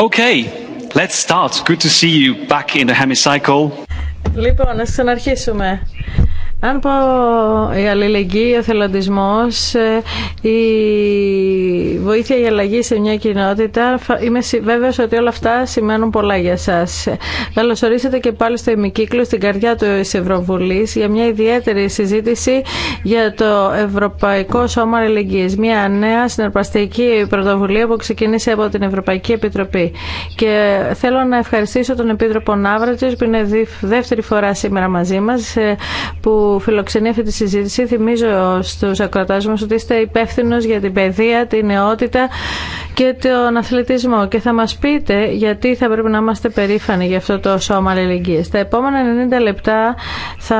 Okay, let's start. Good to see you back in the hemicycle. Λοιπόν, ας ξαναρχίσουμε. Αν πω η αλληλεγγύη, ο θελοντισμός, ε, η βοήθεια για αλλαγή σε μια κοινότητα, είμαι βέβαιος ότι όλα αυτά σημαίνουν πολλά για σας. Καλώς και πάλι στο ημικύκλο, στην καρδιά του Ευρωβουλής, για μια ιδιαίτερη συζήτηση για το Ευρωπαϊκό Σώμα Αλληλεγγύης. Μια νέα συναρπαστική πρωτοβουλία που ξεκίνησε από την Ευρωπαϊκή Επιτροπή. Και θέλω να ευχαριστήσω τον Επίτροπο Ναύρατζης, που είναι δεύτερη φορά σήμερα μαζί μας, ε, που φιλοξενεί αυτή τη συζήτηση. Θυμίζω στους ακροτάσμους μα ότι είστε υπεύθυνο για την παιδεία, την νεότητα και τον αθλητισμό και θα μας πείτε γιατί θα πρέπει να είμαστε περήφανοι για αυτό το σώμα αλληλεγγύης. Τα επόμενα 90 λεπτά θα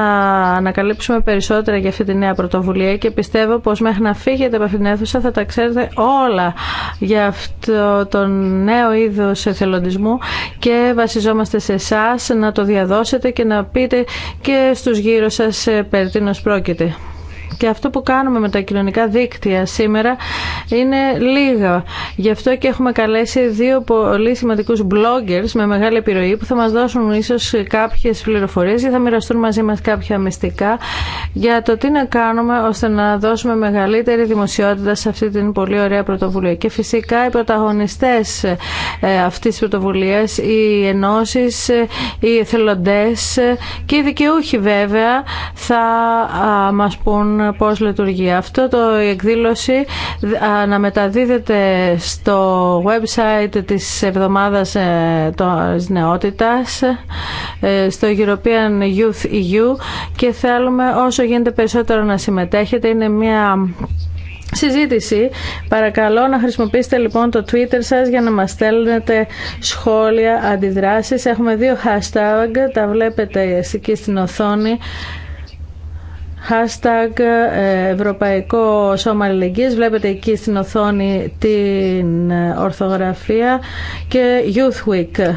ανακαλύψουμε περισσότερα για αυτή τη νέα πρωτοβουλία και πιστεύω πως μέχρι να φύγετε από αυτήν την αίθουσα θα τα ξέρετε όλα για αυτό το νέο είδος εθελοντισμού και βασιζόμαστε σε εσά να το διαδώσετε και να πείτε και στους γύρω σας ε, περί τίνος πρόκειται. Και αυτό που κάνουμε με τα κοινωνικά δίκτυα σήμερα είναι λίγα. Γι' αυτό και έχουμε καλέσει δύο πολύ σημαντικούς bloggers με μεγάλη επιρροή που θα μας δώσουν ίσως κάποιες πληροφορίες ή θα μοιραστούν μαζί μας κάποια μυστικά για το τι να κάνουμε ώστε να δώσουμε μεγαλύτερη δημοσιότητα σε αυτή την πολύ ωραία πρωτοβουλία. Και φυσικά οι πρωταγωνιστές ε, αυτής της πρωτοβουλίας, οι ενώσεις, ε, οι εθελοντές ε, και οι δικαιούχοι βέβαια θα μας πούν πώς λειτουργεί. Αυτό το η Να αναμεταδίδεται στο website της εβδομάδας ε, της νεότητας ε, στο European Youth EU και θέλουμε όσο γίνεται περισσότερο να συμμετέχετε. Είναι μια συζήτηση. Παρακαλώ να χρησιμοποιήσετε λοιπόν το Twitter σας για να μας στέλνετε σχόλια, αντιδράσεις. Έχουμε δύο hashtag, τα βλέπετε εκεί στην οθόνη hashtag ε, Ευρωπαϊκό Σώμα Αλληλεγγύης. Βλέπετε εκεί στην οθόνη την ε, ορθογραφία και Youth Week.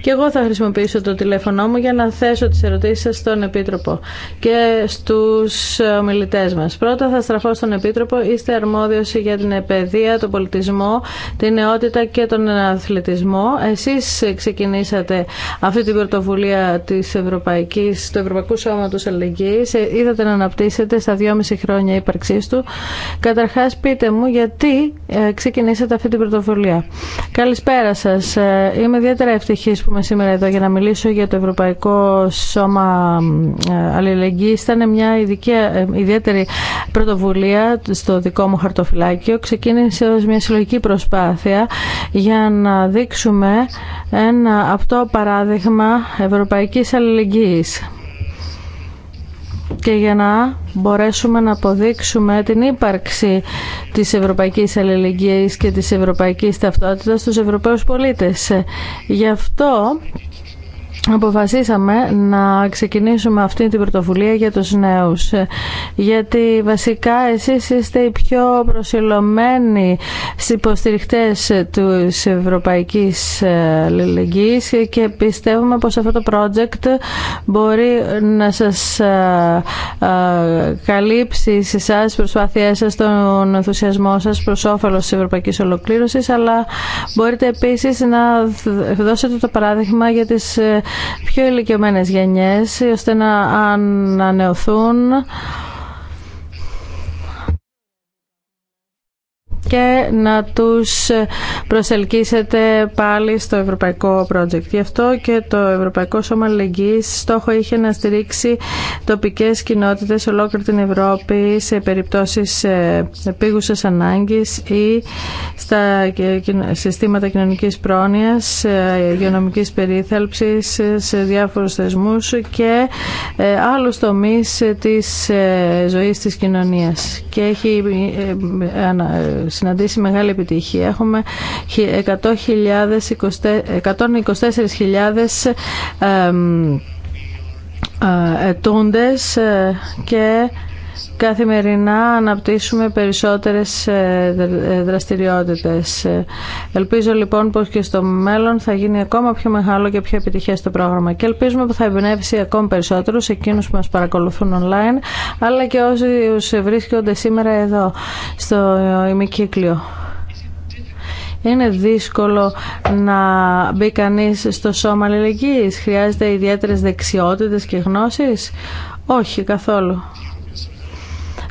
Και εγώ θα χρησιμοποιήσω το τηλέφωνό μου για να θέσω τις ερωτήσεις σας στον Επίτροπο και στους ομιλητές μας. Πρώτα θα στραφώ στον Επίτροπο. Είστε αρμόδιος για την επαιδεία, τον πολιτισμό, την νεότητα και τον αθλητισμό. Εσείς ξεκινήσατε αυτή την πρωτοβουλία της Ευρωπαϊκής, του Ευρωπαϊκού Σώματος Αλληλεγγύης. Ε, είδατε να αναπτύσσετε στα δυόμιση χρόνια ύπαρξή του. Καταρχάς πείτε μου γιατί ε, ξεκινήσατε αυτή την πρωτοβουλία. Καλησπέρα σας. Ε, είμαι ιδιαίτερα ευτυχή ευτυχής που είμαι σήμερα εδώ για να μιλήσω για το Ευρωπαϊκό Σώμα ε, Αλληλεγγύης. Ήταν μια ειδική, ε, ιδιαίτερη πρωτοβουλία στο δικό μου χαρτοφυλάκιο. Ξεκίνησε ως μια συλλογική προσπάθεια για να δείξουμε ένα αυτό παράδειγμα ευρωπαϊκής αλληλεγγύης και για να μπορέσουμε να αποδείξουμε την ύπαρξη της ευρωπαϊκής αλληλεγγύης και της ευρωπαϊκής ταυτότητας στους Ευρωπαίους πολίτες. Γι' αυτό αποφασίσαμε να ξεκινήσουμε αυτή την πρωτοβουλία για τους νέους γιατί βασικά εσείς είστε οι πιο προσιλωμένοι υποστηριχτές της Ευρωπαϊκής ε, Λελεγγύης και πιστεύουμε πως αυτό το project μπορεί να σας ε, ε, καλύψει σε εσά τις προσπάθειές τον ενθουσιασμό σας προς όφελος της Ευρωπαϊκής Ολοκλήρωσης αλλά μπορείτε επίσης να δώσετε το παράδειγμα για τις πιο ηλικιωμένες γενιές ώστε να ανανεωθούν και να τους προσελκύσετε πάλι στο ευρωπαϊκό project. Γι' αυτό και το Ευρωπαϊκό Σώμα Αλληλεγγύης στόχο είχε να στηρίξει τοπικές κοινότητες σε ολόκληρη την Ευρώπη σε περιπτώσεις επίγουσας ανάγκης ή στα συστήματα κοινωνικής πρόνοιας, υγειονομικής περίθαλψης, σε διάφορους θεσμούς και ε, άλλους τομείς της ε, ζωής της κοινωνίας. Και έχει ε, συναντήσει μεγάλη επιτυχία. Έχουμε 124.000 ε, ετούντες ε, και καθημερινά αναπτύσσουμε περισσότερες ε, ε, δραστηριότητες. Ελπίζω λοιπόν πως και στο μέλλον θα γίνει ακόμα πιο μεγάλο και πιο επιτυχές το πρόγραμμα και ελπίζουμε που θα εμπνεύσει ακόμα περισσότερους εκείνους που μας παρακολουθούν online αλλά και όσους βρίσκονται σήμερα εδώ στο ημικύκλιο. Είναι δύσκολο να μπει κανεί στο σώμα αλληλεγγύης. Χρειάζεται ιδιαίτερες δεξιότητες και γνώσεις. Όχι καθόλου.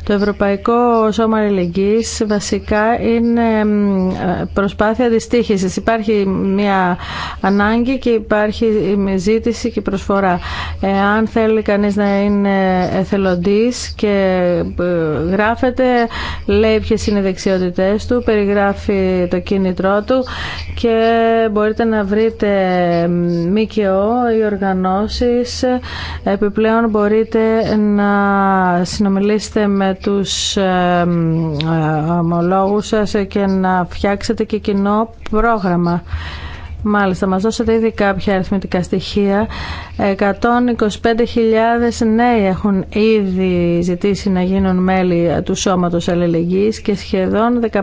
Το Ευρωπαϊκό Σώμα Αλληλεγγύης βασικά είναι προσπάθεια αντιστοίχησης. Υπάρχει μια ανάγκη και υπάρχει ζήτηση και προσφορά. Αν θέλει κανείς να είναι εθελοντής και ε, γράφεται, λέει ποιες είναι οι δεξιότητές του, περιγράφει το κίνητρό του και μπορείτε να βρείτε ΜΚΟ ή οργανώσεις. Επιπλέον μπορείτε να συνομιλήσετε με τους ε, ομολόγους σας και να φτιάξετε και κοινό πρόγραμμα. Μάλιστα, μας δώσατε ήδη κάποια αριθμητικά στοιχεία. 125.000 νέοι έχουν ήδη ζητήσει να γίνουν μέλη του Σώματος Αλληλεγγύης και σχεδόν 15.000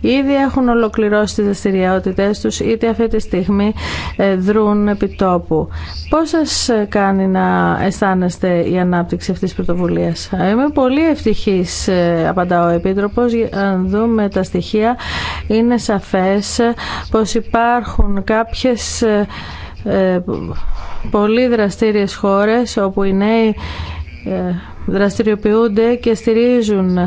ήδη έχουν ολοκληρώσει τις δραστηριότητε τους είτε αυτή τη στιγμή ε, δρούν επί τόπου. Πώς σας κάνει να αισθάνεστε η ανάπτυξη αυτής της πρωτοβουλίας. Είμαι πολύ ευτυχής, ε, απαντά ο Επίτροπος, αν δούμε τα στοιχεία είναι σαφές πως υπάρχουν κάποιες ε, ε, πολύ δραστήριες χώρες όπου οι νέοι ε, δραστηριοποιούνται και στηρίζουν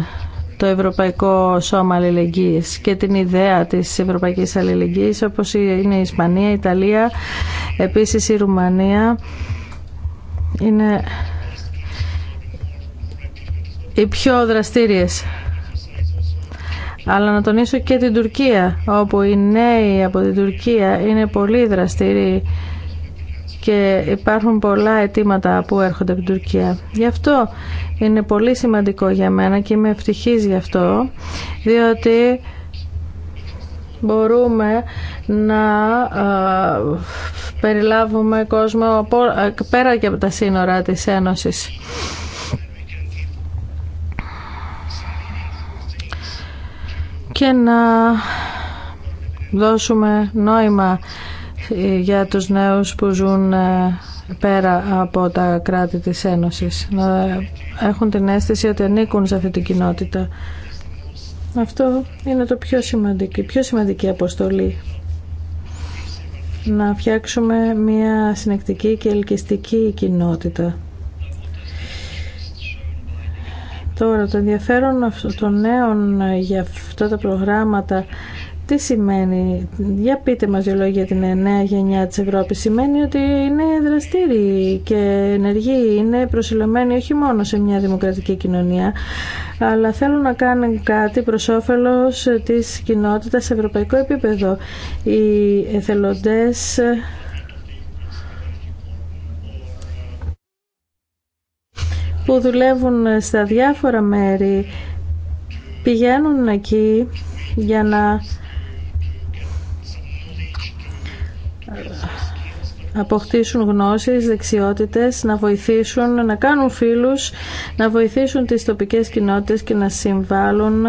το Ευρωπαϊκό Σώμα Αλληλεγγύης και την ιδέα της Ευρωπαϊκής Αλληλεγγύης όπως είναι η Ισπανία, η Ιταλία, επίσης η Ρουμανία είναι οι πιο δραστήριες αλλά να τονίσω και την Τουρκία, όπου οι νέοι από την Τουρκία είναι πολύ δραστηροί και υπάρχουν πολλά αιτήματα που έρχονται από την Τουρκία. Γι' αυτό είναι πολύ σημαντικό για μένα και είμαι ευτυχής γι' αυτό, διότι μπορούμε να περιλάβουμε κόσμο πέρα και από τα σύνορα της Ένωσης. και να δώσουμε νόημα ε, για τους νέους που ζουν ε, πέρα από τα κράτη της Ένωσης. Να έχουν την αίσθηση ότι ανήκουν σε αυτή την κοινότητα. Αυτό είναι το πιο σημαντική, πιο σημαντική αποστολή. Να φτιάξουμε μια συνεκτική και ελκυστική κοινότητα. Τώρα το ενδιαφέρον των νέων ε, για αυτά τα προγράμματα τι σημαίνει, για πείτε μας δύο λόγια για την νέα γενιά της Ευρώπης. Σημαίνει ότι είναι δραστήριοι και ενεργοί, είναι προσιλωμένοι όχι μόνο σε μια δημοκρατική κοινωνία, αλλά θέλουν να κάνουν κάτι προς όφελος ε, της κοινότητας σε ευρωπαϊκό επίπεδο. Οι εθελοντές που δουλεύουν στα διάφορα μέρη πηγαίνουν εκεί για να ε, αποκτήσουν γνώσεις, δεξιότητες, να βοηθήσουν, να κάνουν φίλους, να βοηθήσουν τις τοπικές κοινότητες και να συμβάλλουν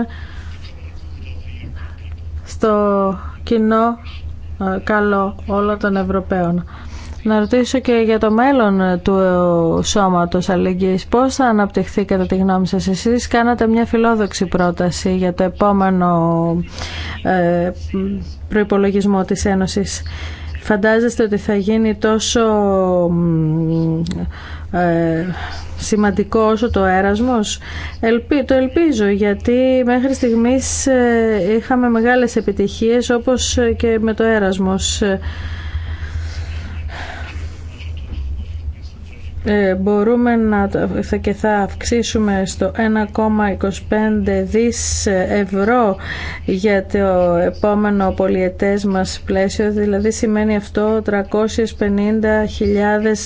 στο κοινό ε, καλό όλων των Ευρωπαίων. Να ρωτήσω και για το μέλλον του σώματος αλληλεγγύης. Πώς θα αναπτυχθεί κατά τη γνώμη σας εσείς. Κάνατε μια φιλόδοξη πρόταση για το επόμενο ε, προϋπολογισμό της Ένωσης. Φαντάζεστε ότι θα γίνει τόσο ε, σημαντικό όσο το έρασμος. Ελπι, το ελπίζω γιατί μέχρι στιγμής ε, είχαμε μεγάλες επιτυχίες όπως και με το έρασμος. Ε, μπορούμε να και θα αυξήσουμε στο 1,25 δις ευρώ για το επόμενο πολιετές μας πλαίσιο δηλαδή σημαίνει αυτό 350.000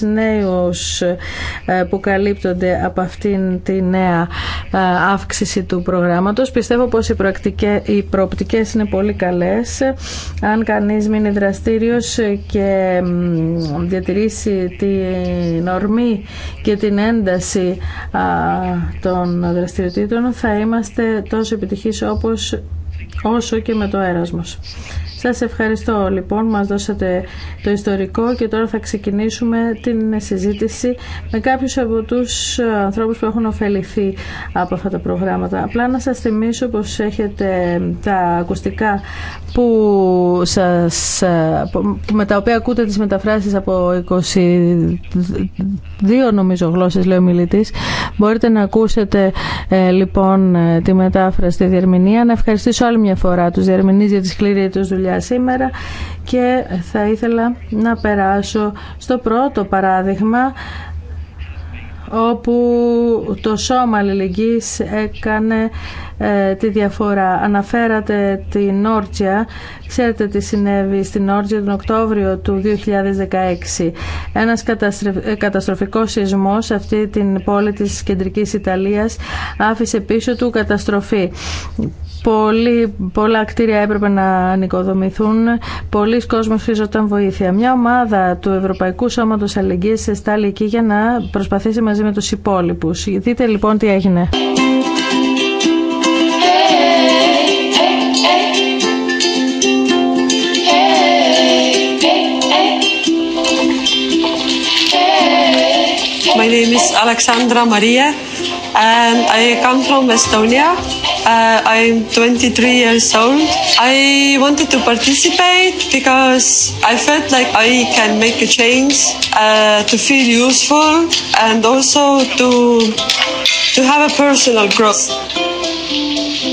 νέους ε, που καλύπτονται από αυτήν τη νέα ε, αύξηση του προγράμματος πιστεύω πως οι, οι προοπτικές είναι πολύ καλές αν κανείς μείνει δραστήριος και διατηρήσει τη ορμή και την ένταση των δραστηριοτήτων θα είμαστε τόσο επιτυχείς όπως όσο και με το έρασμος. Σας ευχαριστώ λοιπόν, μας δώσατε το ιστορικό και τώρα θα ξεκινήσουμε την συζήτηση με κάποιους από τους ανθρώπους που έχουν ωφεληθεί από αυτά τα προγράμματα. Απλά να σας θυμίσω πως έχετε τα ακουστικά που σας, με τα οποία ακούτε τις μεταφράσεις από 22 νομίζω γλώσσες λέει ο μιλητής. Μπορείτε να ακούσετε ε, λοιπόν ε, τη μετάφραση, στη διερμηνία. Να ευχαριστήσω άλλη μια φορά τους διερμηνείς για τη σκληρή τους δουλειά σήμερα και θα ήθελα να περάσω στο πρώτο παράδειγμα όπου το σώμα αλληλεγγύης έκανε ε, τη διαφορά. Αναφέρατε την Όρτζια, ξέρετε τι συνέβη στην Όρτζια τον Οκτώβριο του 2016. Ένας ε, καταστροφικός σεισμός αυτή την πόλη της κεντρικής Ιταλίας άφησε πίσω του καταστροφή. Πολύ, πολλά κτίρια έπρεπε να ανοικοδομηθούν, Πολλοί κόσμοι χρήζονταν βοήθεια. Μια ομάδα του Ευρωπαϊκού Σώματο Αλληλεγγύη εστάλει εκεί για να προσπαθήσει μαζί με του υπόλοιπου. Δείτε λοιπόν τι έγινε. My name is Alexandra Maria and I come from Estonia. I'm 23 years old. I wanted to participate because I felt like I can make a change, uh, to feel useful, and also to to have a personal growth.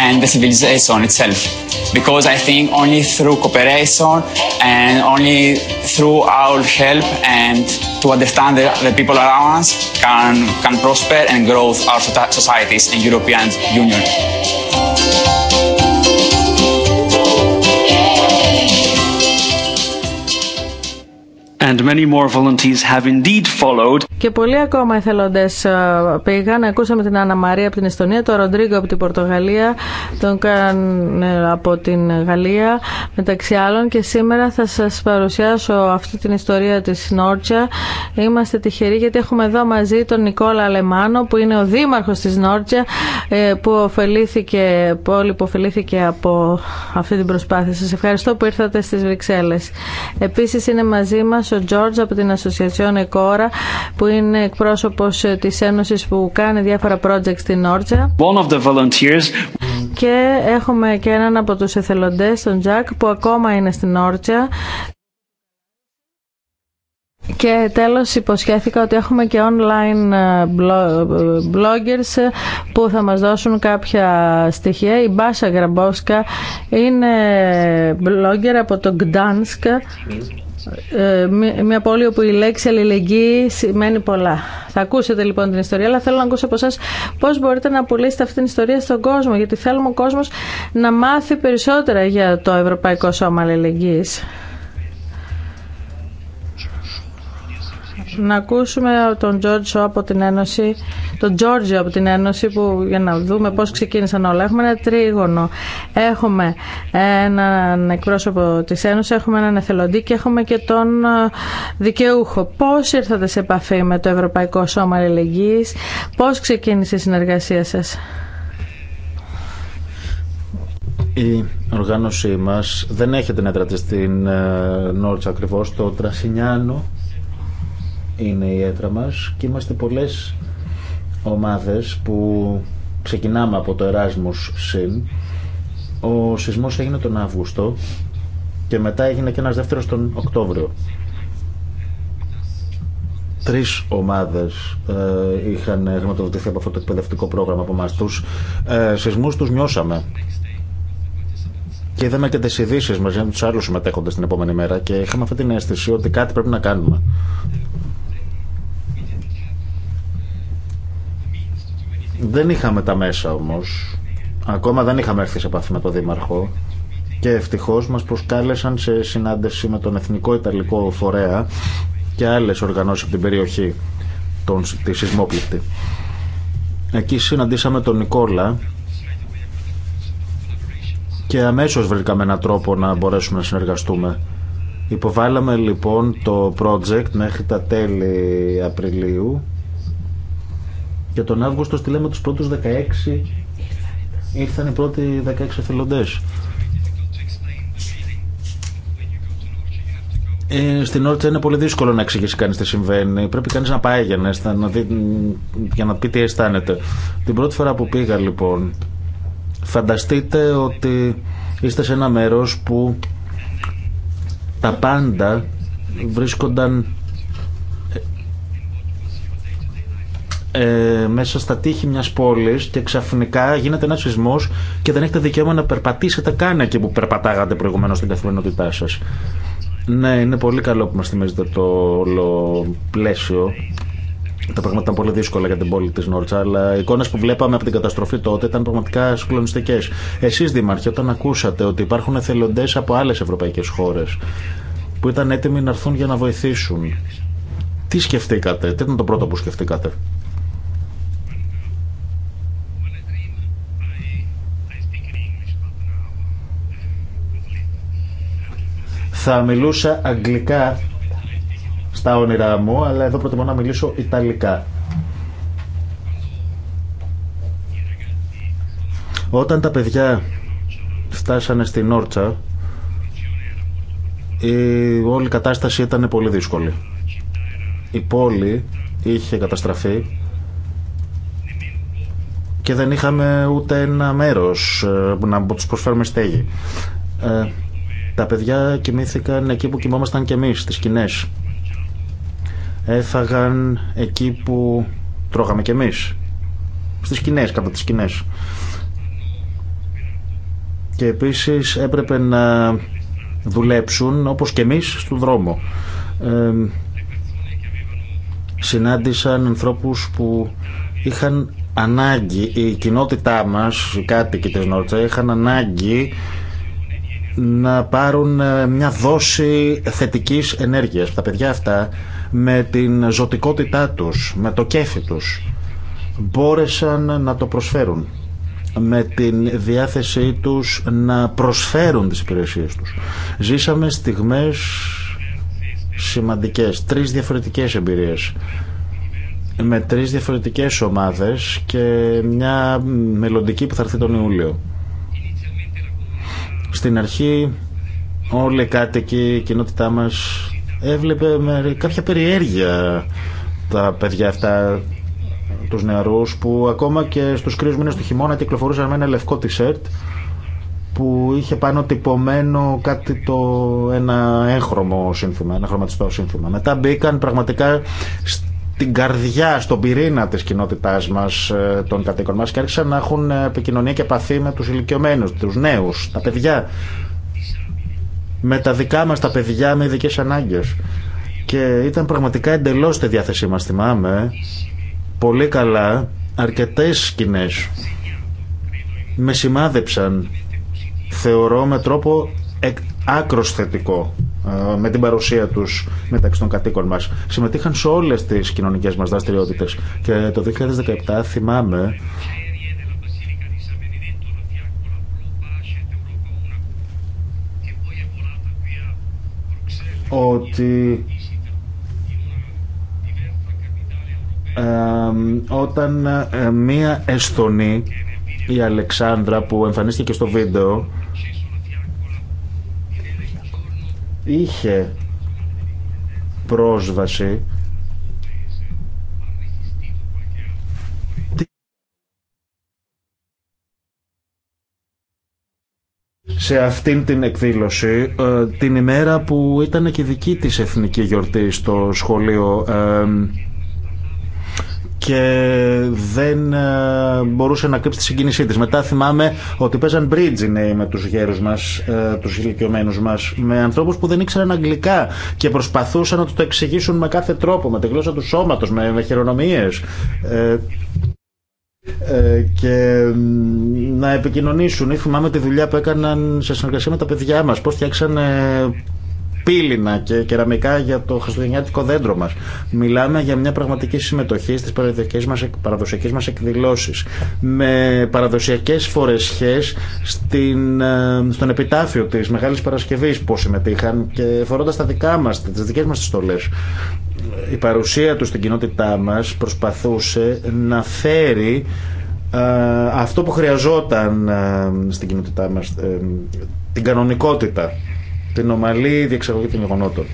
and the civilization itself. Because I think only through cooperation and only through our help and to understand the, the people around us can, can prosper and grow our societies in European Union. Και πολλοί ακόμα εθελοντέ ε, πήγαν. Ακούσαμε την Άννα Μαρία από την Εστονία, τον Ροντρίγκο από την Πορτογαλία, τον Καν από την Γαλλία, μεταξύ άλλων. Και σήμερα θα σα παρουσιάσω αυτή την ιστορία τη Νόρτσα. Είμαστε τυχεροί γιατί έχουμε εδώ μαζί τον Νικόλα Αλεμάνο, που είναι ο δήμαρχο τη Νόρτσα, ε, που ωφελήθηκε, πόλη που ωφελήθηκε από αυτή την προσπάθεια. Σα ευχαριστώ που ήρθατε στι Βρυξέλλε. Επίση είναι μαζί μα ο Τζόρτζ από την Ασοσιασιόν Εκόρα που είναι εκπρόσωπος της Ένωσης που κάνει διάφορα project στην Όρτζα One of the volunteers. Και έχουμε και έναν από τους εθελοντές, τον Τζακ, που ακόμα είναι στην Όρτζα Και τέλος υποσχέθηκα ότι έχουμε και online ε, ε, bloggers που θα μας δώσουν κάποια στοιχεία. Η Μπάσα Γραμπόσκα είναι blogger από το Gdansk ε, μια πόλη όπου η λέξη αλληλεγγύη σημαίνει πολλά. Θα ακούσετε λοιπόν την ιστορία, αλλά θέλω να ακούσω από εσά πώ μπορείτε να πουλήσετε αυτή την ιστορία στον κόσμο, γιατί θέλουμε ο κόσμο να μάθει περισσότερα για το Ευρωπαϊκό Σώμα αλληλεγγύη. Να ακούσουμε τον Τζόρτζο από την Ένωση, τον Τζόρτζο από την Ένωση που για να δούμε πώς ξεκίνησαν όλα. Έχουμε ένα τρίγωνο. Έχουμε έναν εκπρόσωπο της Ένωση, έχουμε έναν εθελοντή και έχουμε και τον ε, δικαιούχο. Πώς ήρθατε σε επαφή με το Ευρωπαϊκό Σώμα Αλληλεγγύη, πώς ξεκίνησε η συνεργασία σας. Η οργάνωσή μας δεν έχει την έδρα της στην ε, Νόρτσα ακριβώς, το Τρασινιάνο είναι η έδρα μας και είμαστε πολλές ομάδες που ξεκινάμε από το Erasmus Συν. Ο σεισμός έγινε τον Αύγουστο και μετά έγινε και ένας δεύτερος τον Οκτώβριο. Τρεις ομάδες ε, είχαν χρηματοδοτηθεί από αυτό το εκπαιδευτικό πρόγραμμα από εμάς. Τους ε, σεισμούς τους νιώσαμε και είδαμε και τι ειδήσει μαζί με του άλλου συμμετέχοντε την επόμενη μέρα και είχαμε αυτή την αίσθηση ότι κάτι πρέπει να κάνουμε. Δεν είχαμε τα μέσα όμως. Ακόμα δεν είχαμε έρθει σε επαφή με τον Δήμαρχο και ευτυχώς μας προσκάλεσαν σε συνάντηση με τον Εθνικό Ιταλικό Φορέα και άλλες οργανώσεις από την περιοχή των, τη σεισμόπληκτη. Εκεί συναντήσαμε τον Νικόλα και αμέσως βρήκαμε έναν τρόπο να μπορέσουμε να συνεργαστούμε. Υποβάλαμε λοιπόν το project μέχρι τα τέλη Απριλίου και τον Αύγουστο στείλαμε τους πρώτους 16, ήρθαν οι πρώτοι 16 εθελοντές. Ε, στην Όρτσα είναι πολύ δύσκολο να εξηγήσει κανεί τι συμβαίνει. Πρέπει κανεί να πάει για να, να για να πει τι αισθάνεται. Την πρώτη φορά που πήγα, λοιπόν, φανταστείτε ότι είστε σε ένα μέρο που τα πάντα βρίσκονταν ε, μέσα στα τείχη μιας πόλης και ξαφνικά γίνεται ένας σεισμός και δεν έχετε δικαίωμα να περπατήσετε καν εκεί που περπατάγατε προηγουμένως στην καθημερινότητά σα. Ναι, είναι πολύ καλό που μας θυμίζετε το όλο πλαίσιο. Τα πράγματα ήταν πολύ δύσκολα για την πόλη τη Νόρτσα, αλλά οι εικόνε που βλέπαμε από την καταστροφή τότε ήταν πραγματικά συγκλονιστικέ. Εσεί, Δήμαρχε, όταν ακούσατε ότι υπάρχουν εθελοντέ από άλλε ευρωπαϊκέ χώρε που ήταν έτοιμοι να έρθουν για να βοηθήσουν, τι σκεφτήκατε, τι ήταν το πρώτο που σκεφτήκατε. Θα μιλούσα αγγλικά στα όνειρά μου, αλλά εδώ προτιμώ να μιλήσω ιταλικά. Όταν τα παιδιά φτάσανε στην Όρτσα, η όλη κατάσταση ήταν πολύ δύσκολη. Η πόλη είχε καταστραφεί και δεν είχαμε ούτε ένα μέρος ε, να τους προσφέρουμε στέγη. Ε, τα παιδιά κοιμήθηκαν εκεί που κοιμόμασταν κι εμείς, στις σκηνέ. Έφαγαν εκεί που τρώγαμε κι εμείς. Στις σκηνέ, κατά τις σκηνέ. Και επίσης έπρεπε να δουλέψουν όπως και εμείς στον δρόμο. Ε, συνάντησαν ανθρώπους που είχαν ανάγκη, η κοινότητά μας, οι κάτοικοι της Νότσα, είχαν ανάγκη να πάρουν ε, μια δόση θετικής ενέργειας. Τα παιδιά αυτά με την ζωτικότητά τους, με το κέφι τους, μπόρεσαν να το προσφέρουν με την διάθεσή τους να προσφέρουν τις υπηρεσίες τους. Ζήσαμε στιγμές σημαντικές, τρεις διαφορετικές εμπειρίες με τρεις διαφορετικές ομάδες και μια μελλοντική που θα έρθει τον Ιούλιο. Στην αρχή όλοι κάτοικοι, η κοινότητά μας έβλεπε με κάποια περιέργεια τα παιδιά αυτά τους νεαρούς που ακόμα και στους κρύους μήνες του χειμώνα κυκλοφορούσαν με ένα λευκό τισερτ που είχε πάνω τυπωμένο κάτι το, ένα έγχρωμο σύνθημα, ένα χρωματιστό σύνθημα. Μετά μπήκαν πραγματικά την καρδιά, στον πυρήνα τη κοινότητά μα ε, των κατοίκων μα και άρχισαν να έχουν ε, επικοινωνία και επαφή με του ηλικιωμένου, τους νέους, τα παιδιά. Με τα δικά μας τα παιδιά με ειδικέ ανάγκες. Και ήταν πραγματικά εντελώς στη διάθεσή μα θυμάμαι, πολύ καλά, αρκετέ σκηνέ. Με σημάδεψαν, θεωρώ, με τρόπο άκρο θετικό ε, με την παρουσία του μεταξύ των κατοίκων μα. Συμμετείχαν σε όλε τι κοινωνικέ μα δραστηριότητε. Και το 2017 θυμάμαι ότι όταν ε, μία Εστονή η Αλεξάνδρα που εμφανίστηκε στο βίντεο είχε πρόσβαση σε αυτήν την εκδήλωση ε, την ημέρα που ήταν και δική της εθνική γιορτή στο σχολείο ε, και δεν ε, μπορούσε να κρύψει τη συγκίνησή της. Μετά θυμάμαι ότι παίζαν bridge νέοι με τους γέρους μας, ε, τους ηλικιωμένους μας, με ανθρώπους που δεν ήξεραν αγγλικά και προσπαθούσαν να του το εξηγήσουν με κάθε τρόπο, με τη γλώσσα του σώματος, με, με χειρονομίες ε, και να επικοινωνήσουν. Ή θυμάμαι τη δουλειά που έκαναν σε συνεργασία με τα παιδιά μας, πώς φτιάξαν πύληνα και κεραμικά για το χριστουγεννιάτικο δέντρο μας. Μιλάμε για μια πραγματική συμμετοχή στις παραδοσιακέ μα εκδηλώσει εκδηλώσεις με παραδοσιακές φορεσχές ε, στον επιτάφιο της Μεγάλης Παρασκευής που συμμετείχαν και φορώντας τα δικά μας, τι δικές μας στολές. Η παρουσία του στην κοινότητά μα προσπαθούσε να φέρει ε, αυτό που χρειαζόταν ε, στην κοινότητά μας, την κανονικότητα την ομαλή διεξαγωγή των γεγονότων.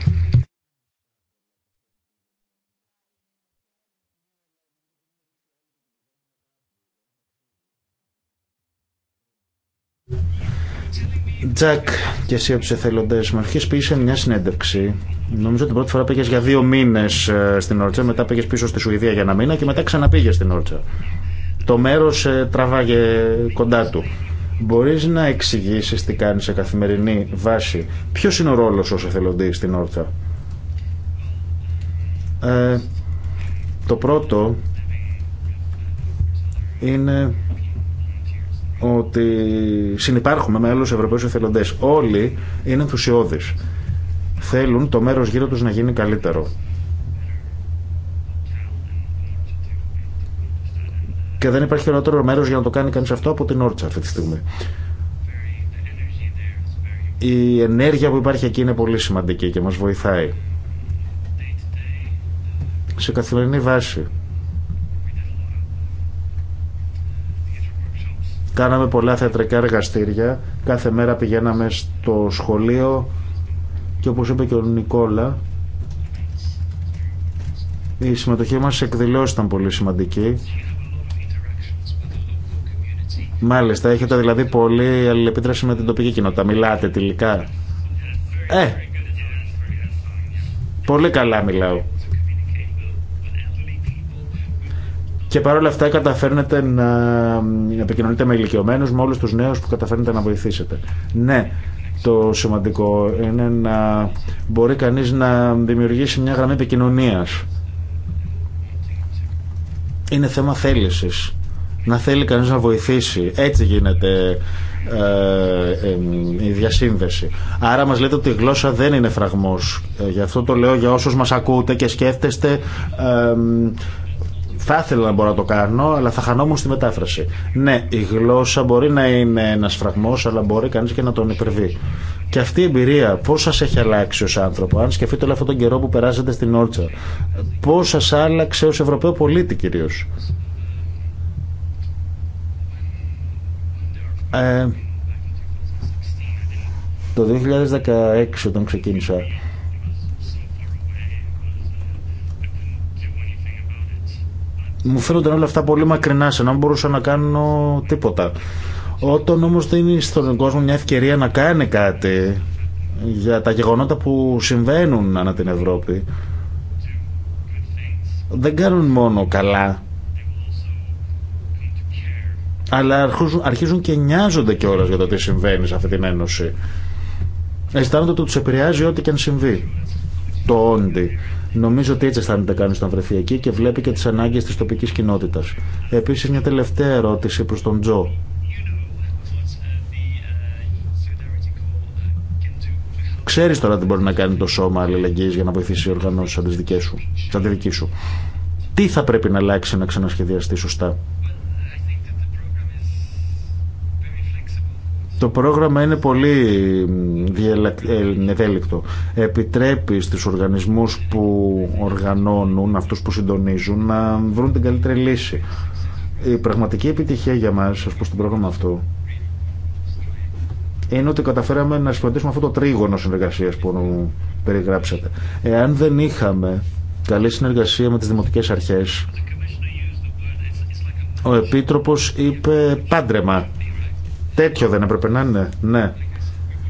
Τζακ, και εσύ από του εθελοντέ, μου αρχίζει πήγε σε μια συνέντευξη. Νομίζω την πρώτη φορά πήγε για δύο μήνε ε, στην Όρτσα, μετά πήγε πίσω στη Σουηδία για ένα μήνα και μετά ξαναπήγε στην Όρτσα. Το μέρο ε, τραβάγε κοντά του. Μπορείς να εξηγήσεις τι κάνεις σε καθημερινή βάση. Ποιος είναι ο ρόλος ως εθελοντή στην όρθα. Ε, το πρώτο είναι ότι συνεπάρχουμε με άλλους Ευρωπαίους εθελοντές. Όλοι είναι ενθουσιώδεις. Θέλουν το μέρος γύρω τους να γίνει καλύτερο. και δεν υπάρχει χειρότερο μέρο για να το κάνει κανεί αυτό από την Όρτσα αυτή τη στιγμή. Η ενέργεια που υπάρχει εκεί είναι πολύ σημαντική και μας βοηθάει. Σε καθημερινή βάση. Κάναμε πολλά θεατρικά εργαστήρια. Κάθε μέρα πηγαίναμε στο σχολείο και όπως είπε και ο Νικόλα, η συμμετοχή μας σε εκδηλώσεις ήταν πολύ σημαντική Μάλιστα, έχετε δηλαδή πολύ αλληλεπίδραση με την τοπική κοινότητα. Μιλάτε τελικά. Ε, πολύ καλά μιλάω. Και παρόλα αυτά καταφέρνετε να επικοινωνείτε με ηλικιωμένους, με όλους τους νέους που καταφέρνετε να βοηθήσετε. Ναι, το σημαντικό είναι να μπορεί κανείς να δημιουργήσει μια γραμμή επικοινωνίας. Είναι θέμα θέλησης να θέλει κανείς να βοηθήσει. Έτσι γίνεται ε, ε η διασύνδεση. Άρα μας λέτε ότι η γλώσσα δεν είναι φραγμός. Ε, γι' αυτό το λέω για όσους μας ακούτε και σκέφτεστε... θα ήθελα να μπορώ να το κάνω, αλλά θα χανόμουν στη μετάφραση. Ναι, η γλώσσα μπορεί να είναι ένα φραγμός, αλλά μπορεί κανεί και να τον υπερβεί. Και αυτή η εμπειρία, πώ σα έχει αλλάξει ω άνθρωπο, αν σκεφτείτε όλο αυτόν τον καιρό που περάσατε στην Όρτσα, πώ σα άλλαξε ω Ευρωπαίο πολίτη κυρίω. Ε, το 2016 όταν ξεκίνησα μου φαίνονταν όλα αυτά πολύ μακρινά σαν να μην μπορούσα να κάνω τίποτα όταν όμως δίνει στον κόσμο μια ευκαιρία να κάνει κάτι για τα γεγονότα που συμβαίνουν ανά την Ευρώπη δεν κάνουν μόνο καλά αλλά αρχίζουν και νοιάζονται κιόλα για το τι συμβαίνει σε αυτή την ένωση. Αισθάνονται ότι του επηρεάζει ό,τι και αν συμβεί. Το όντι. Νομίζω ότι έτσι αισθάνεται κανεί όταν βρεθεί εκεί και βλέπει και τι ανάγκε τη τοπική κοινότητα. Επίση, μια τελευταία ερώτηση προ τον Τζο. Ξέρει τώρα τι μπορεί να κάνει το σώμα αλληλεγγύη για να βοηθήσει οργανώσει σαν τη δική σου. Τι θα πρέπει να αλλάξει να ξανασχεδιαστεί σωστά. Το πρόγραμμα είναι πολύ ευέλικτο. Ε, Επιτρέπει στους οργανισμούς που οργανώνουν, αυτούς που συντονίζουν, να βρουν την καλύτερη λύση. Η πραγματική επιτυχία για μας, ας πω, στο πρόγραμμα αυτό, είναι ότι καταφέραμε να συμφωνήσουμε αυτό το τρίγωνο συνεργασία που περιγράψατε. Εάν δεν είχαμε καλή συνεργασία με τις δημοτικές αρχές, ο Επίτροπος είπε πάντρεμα Τέτοιο δεν έπρεπε να είναι. Ναι.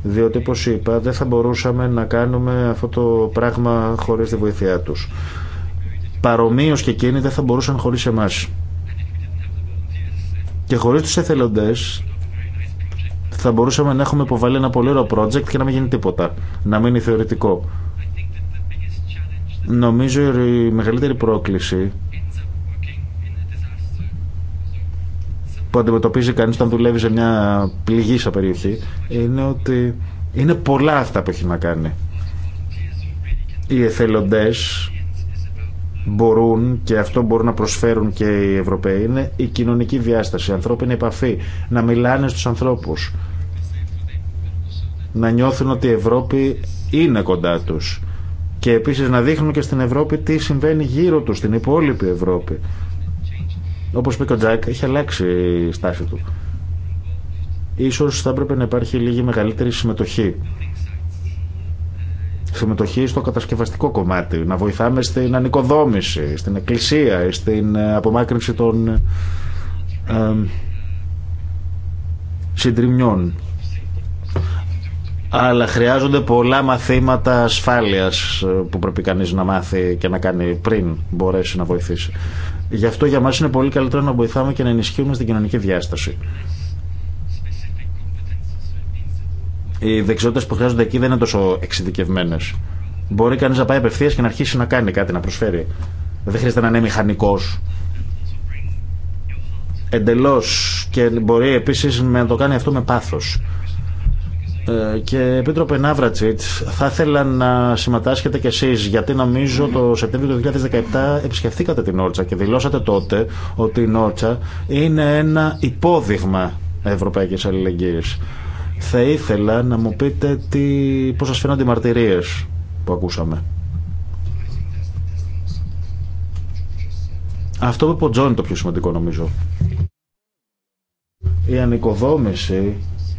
Διότι, όπως είπα, δεν θα μπορούσαμε να κάνουμε αυτό το πράγμα χωρίς τη βοήθειά τους. Παρομοίως και εκείνοι δεν θα μπορούσαν χωρίς εμάς. Και χωρίς τους εθελοντές θα μπορούσαμε να έχουμε υποβάλει ένα πολύ ωραίο project και να μην γίνει τίποτα. Να μείνει θεωρητικό. Νομίζω η μεγαλύτερη πρόκληση που αντιμετωπίζει κανείς όταν δουλεύει σε μια πληγήσα περιοχή είναι ότι είναι πολλά αυτά που έχει να κάνει. Οι εθελοντές μπορούν και αυτό μπορούν να προσφέρουν και οι Ευρωπαίοι είναι η κοινωνική διάσταση, η ανθρώπινη επαφή, να μιλάνε στους ανθρώπους, να νιώθουν ότι η Ευρώπη είναι κοντά τους και επίσης να δείχνουν και στην Ευρώπη τι συμβαίνει γύρω τους, στην υπόλοιπη Ευρώπη. Όπω είπε και ο Τζακ, έχει αλλάξει η στάση του. Ίσως θα έπρεπε να υπάρχει λίγη μεγαλύτερη συμμετοχή. Συμμετοχή στο κατασκευαστικό κομμάτι. Να βοηθάμε στην ανοικοδόμηση, στην εκκλησία, στην ε, απομάκρυνση των ε, ε, συντριμιών. Αλλά χρειάζονται πολλά μαθήματα ασφάλειας ε, που πρέπει κανείς να μάθει και να κάνει πριν μπορέσει να βοηθήσει. Γι' αυτό για μας είναι πολύ καλύτερο να βοηθάμε και να ενισχύουμε στην κοινωνική διάσταση. Οι δεξιότητε που χρειάζονται εκεί δεν είναι τόσο εξειδικευμένε. Μπορεί κανεί να πάει απευθεία και να αρχίσει να κάνει κάτι, να προσφέρει. Δεν χρειάζεται να είναι μηχανικό. Εντελώ. Και μπορεί επίση να το κάνει αυτό με πάθο. Ε, και Πέτρο Ναύρατσιτ, θα ήθελα να συμμετάσχετε κι εσεί, γιατί νομίζω το Σεπτέμβριο του 2017 επισκεφθήκατε την Όρτσα και δηλώσατε τότε ότι η Όρτσα είναι ένα υπόδειγμα ευρωπαϊκή αλληλεγγύη. Θα ήθελα να μου πείτε τι, πώς σας φαίνονται οι μαρτυρίες που ακούσαμε. Αυτό που είπε ο Τζον το πιο σημαντικό νομίζω. Η ανοικοδόμηση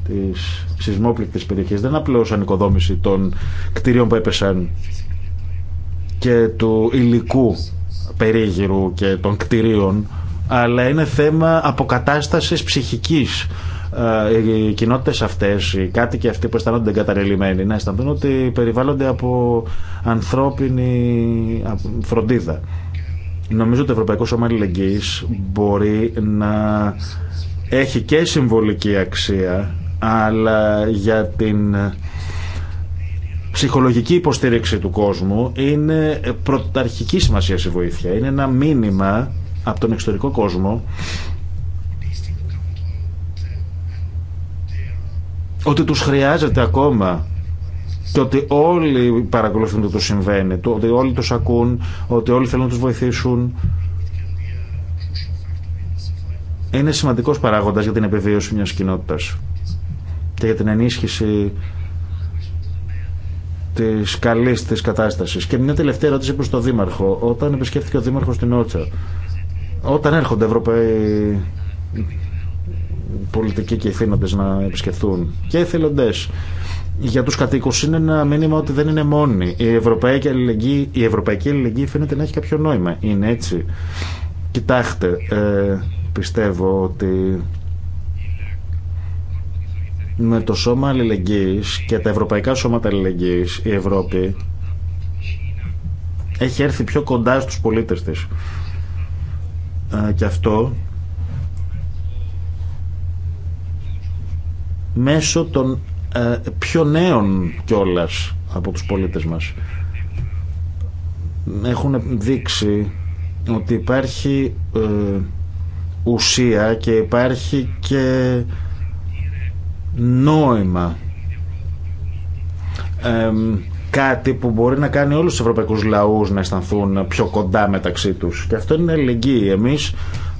τις σεισμόπληκτες περιοχή, δεν απλώς ανοικοδόμηση των κτηρίων που έπεσαν και του υλικού περίγυρου και των κτηρίων αλλά είναι θέμα αποκατάστασης ψυχικής ε, οι κοινότητε αυτέ, οι κάτοικοι αυτοί που αισθάνονται εγκαταλελειμμένοι, να αισθανθούν ότι περιβάλλονται από ανθρώπινη φροντίδα. Νομίζω ότι το Ευρωπαϊκό Σώμα Αλληλεγγύη μπορεί να έχει και συμβολική αξία αλλά για την ε, ψυχολογική υποστήριξη του κόσμου είναι πρωταρχική σημασία σε βοήθεια. Είναι ένα μήνυμα από τον εξωτερικό κόσμο ότι τους χρειάζεται ακόμα και ότι όλοι παρακολουθούν το τους συμβαίνει, ότι όλοι τους ακούν, ότι όλοι θέλουν να τους βοηθήσουν. Είναι σημαντικός παράγοντας για την επιβίωση μιας κοινότητας και για την ενίσχυση τη καλή τη κατάσταση. Και μια τελευταία ερώτηση προ τον Δήμαρχο. Όταν επισκέφθηκε ο Δήμαρχο στην Ότσα, όταν έρχονται Ευρωπαίοι πολιτικοί και ηθήνοντες να επισκεφθούν και εθελοντέ. Για τους κατοίκους είναι ένα μήνυμα ότι δεν είναι μόνοι. Η ευρωπαϊκή αλληλεγγύη, η ευρωπαϊκή αλληλεγγύη φαίνεται να έχει κάποιο νόημα. Είναι έτσι. Κοιτάξτε, ε, πιστεύω ότι με το Σώμα Αλληλεγγύης και τα Ευρωπαϊκά Σώματα Αλληλεγγύης η Ευρώπη έχει έρθει πιο κοντά στους πολίτες της. Και αυτό μέσω των ε, πιο νέων κιόλας από τους πολίτες μας. Έχουν δείξει ότι υπάρχει ε, ουσία και υπάρχει και νόημα κάτι που μπορεί να κάνει όλους τους ευρωπαϊκούς λαούς να αισθανθούν πιο κοντά μεταξύ τους και αυτό είναι αλληλεγγύη εμείς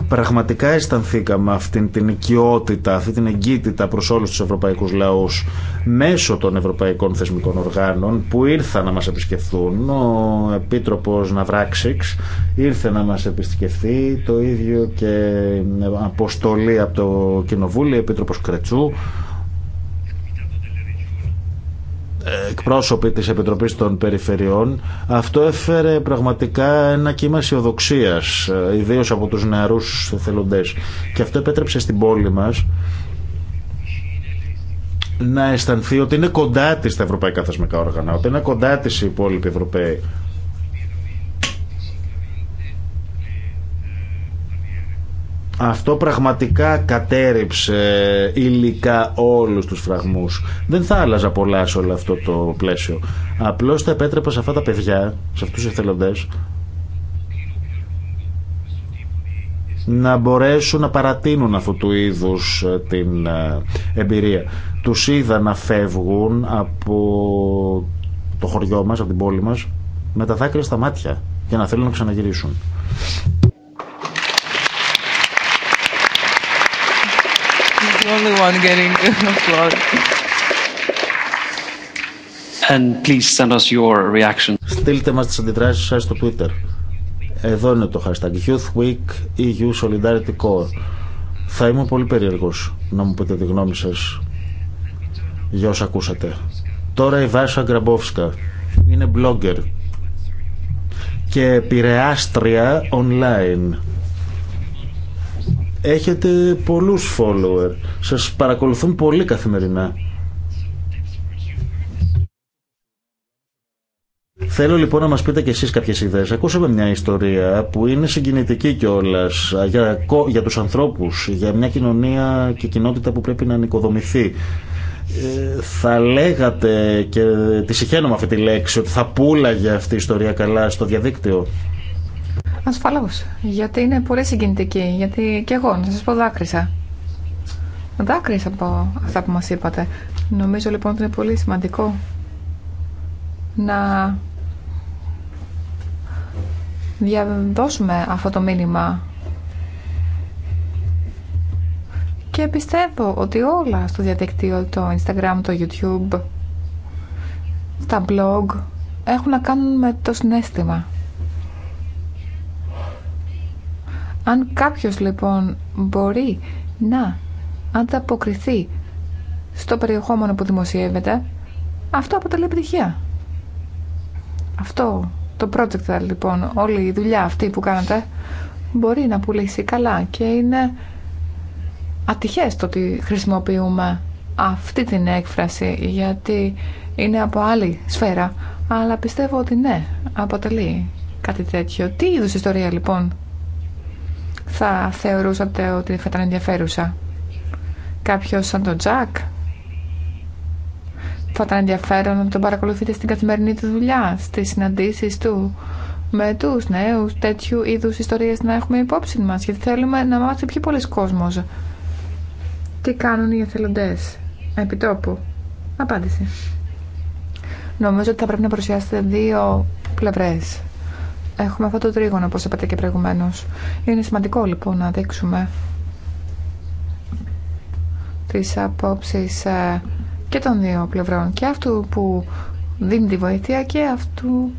πραγματικά αισθανθήκαμε αυτή την οικειότητα, αυτή την εγκύτητα προς όλους τους ευρωπαϊκούς λαούς μέσω των ευρωπαϊκών θεσμικών οργάνων που ήρθαν να μας επισκεφθούν. Ο Επίτροπος Ναυράξιξ ήρθε να μας επισκεφθεί, το ίδιο και αποστολή από το Κοινοβούλιο, Επίτροπος Κρετσού εκπρόσωποι της Επιτροπής των Περιφερειών αυτό έφερε πραγματικά ένα κύμα αισιοδοξία, ε, ιδίω από τους νεαρούς θελοντές και αυτό επέτρεψε στην πόλη μας να αισθανθεί ότι είναι κοντά της τα ευρωπαϊκά θεσμικά όργανα, ότι είναι κοντά της οι υπόλοιποι Ευρωπαίοι Αυτό πραγματικά κατέριψε υλικά όλους τους φραγμούς. Δεν θα άλλαζα πολλά σε όλο αυτό το πλαίσιο. Απλώς θα επέτρεπα σε αυτά τα παιδιά, σε αυτούς τους εθελοντέ, να μπορέσουν να παρατείνουν αυτού του είδους ε, την ε, εμπειρία. Τους είδα να φεύγουν από το χωριό μας, από την πόλη μας, με τα δάκρυα στα μάτια για να θέλουν να ξαναγυρίσουν. only one getting applause. And please send us your reaction. Στείλτε μας τις αντιδράσεις σας στο Twitter. Εδώ είναι το hashtag Youth Week EU Solidarity Core. Θα είμαι πολύ περίεργος να μου πείτε τη γνώμη σας για όσα ακούσατε. Τώρα η Βάσα Γκραμπόφσκα είναι blogger και επηρεάστρια online Έχετε πολλούς follower. Σας παρακολουθούν πολύ καθημερινά. Θέλω λοιπόν να μας πείτε κι εσείς κάποιες ιδέες. Ακούσαμε μια ιστορία που είναι συγκινητική κιόλα για, για τους ανθρώπους, για μια κοινωνία και κοινότητα που πρέπει να νοικοδομηθεί. Ε, θα λέγατε και τη συχαίνω αυτή τη λέξη ότι θα πούλαγε αυτή η ιστορία καλά στο διαδίκτυο. Ασφαλώς, γιατί είναι πολύ συγκινητική, γιατί και εγώ, να σας πω, δάκρυσα. Δάκρυσα από αυτά που μας είπατε. Νομίζω λοιπόν ότι είναι πολύ σημαντικό να διαδώσουμε αυτό το μήνυμα και πιστεύω ότι όλα στο διαδικτύο, το Instagram, το YouTube, τα blog έχουν να κάνουν με το συνέστημα. Αν κάποιος λοιπόν μπορεί να ανταποκριθεί στο περιεχόμενο που δημοσιεύεται, αυτό αποτελεί επιτυχία. Αυτό το project δηλαδή, λοιπόν, όλη η δουλειά αυτή που κάνατε, μπορεί να πουλήσει καλά και είναι ατυχές το ότι χρησιμοποιούμε αυτή την έκφραση γιατί είναι από άλλη σφαίρα αλλά πιστεύω ότι ναι, αποτελεί κάτι τέτοιο. Τι είδους ιστορία λοιπόν θα θεωρούσατε ότι θα ήταν ενδιαφέρουσα. Κάποιος σαν τον Τζακ θα ήταν ενδιαφέρον να τον παρακολουθείτε στην καθημερινή του δουλειά, στις συναντήσεις του με τους νέους τέτοιου είδους ιστορίες να έχουμε υπόψη μας γιατί θέλουμε να μάθει πιο πολλοί κόσμος τι κάνουν οι εθελοντές επιτόπου απάντηση νομίζω ότι θα πρέπει να παρουσιάσετε δύο πλευρές Έχουμε αυτό το τρίγωνο, όπως είπατε και προηγουμένως. Είναι σημαντικό λοιπόν να δείξουμε τις απόψεις ε, και των δύο πλευρών. Και αυτού που δίνει τη βοήθεια και αυτού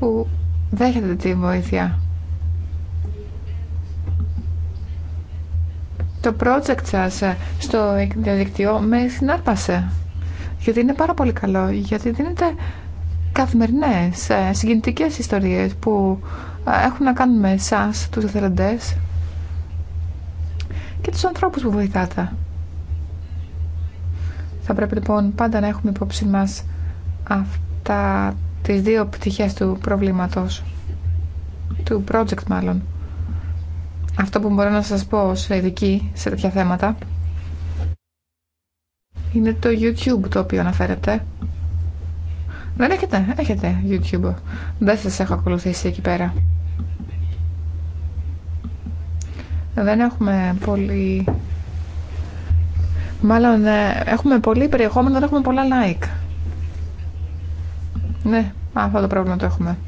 που δέχεται τη βοήθεια. Το project σας ε, στο διαδικτυό με συνάρπασε. Γιατί είναι πάρα πολύ καλό. Γιατί δίνετε καθημερινές, συγκινητικές ιστορίες που ε, έχουν να κάνουν με εσάς, τους εθελοντές και τους ανθρώπους που βοηθάτε. Θα πρέπει λοιπόν πάντα να έχουμε υπόψη μας αυτά τις δύο πτυχές του προβλήματος, του project μάλλον. Αυτό που μπορώ να σας πω σε ειδική σε τέτοια θέματα είναι το YouTube το οποίο αναφέρεται δεν έχετε, έχετε YouTube. Δεν σας έχω ακολουθήσει εκεί πέρα. Δεν έχουμε πολύ... Μάλλον ε, έχουμε πολύ περιεχόμενο, δεν έχουμε πολλά like. Ναι, αυτό το πρόβλημα το έχουμε.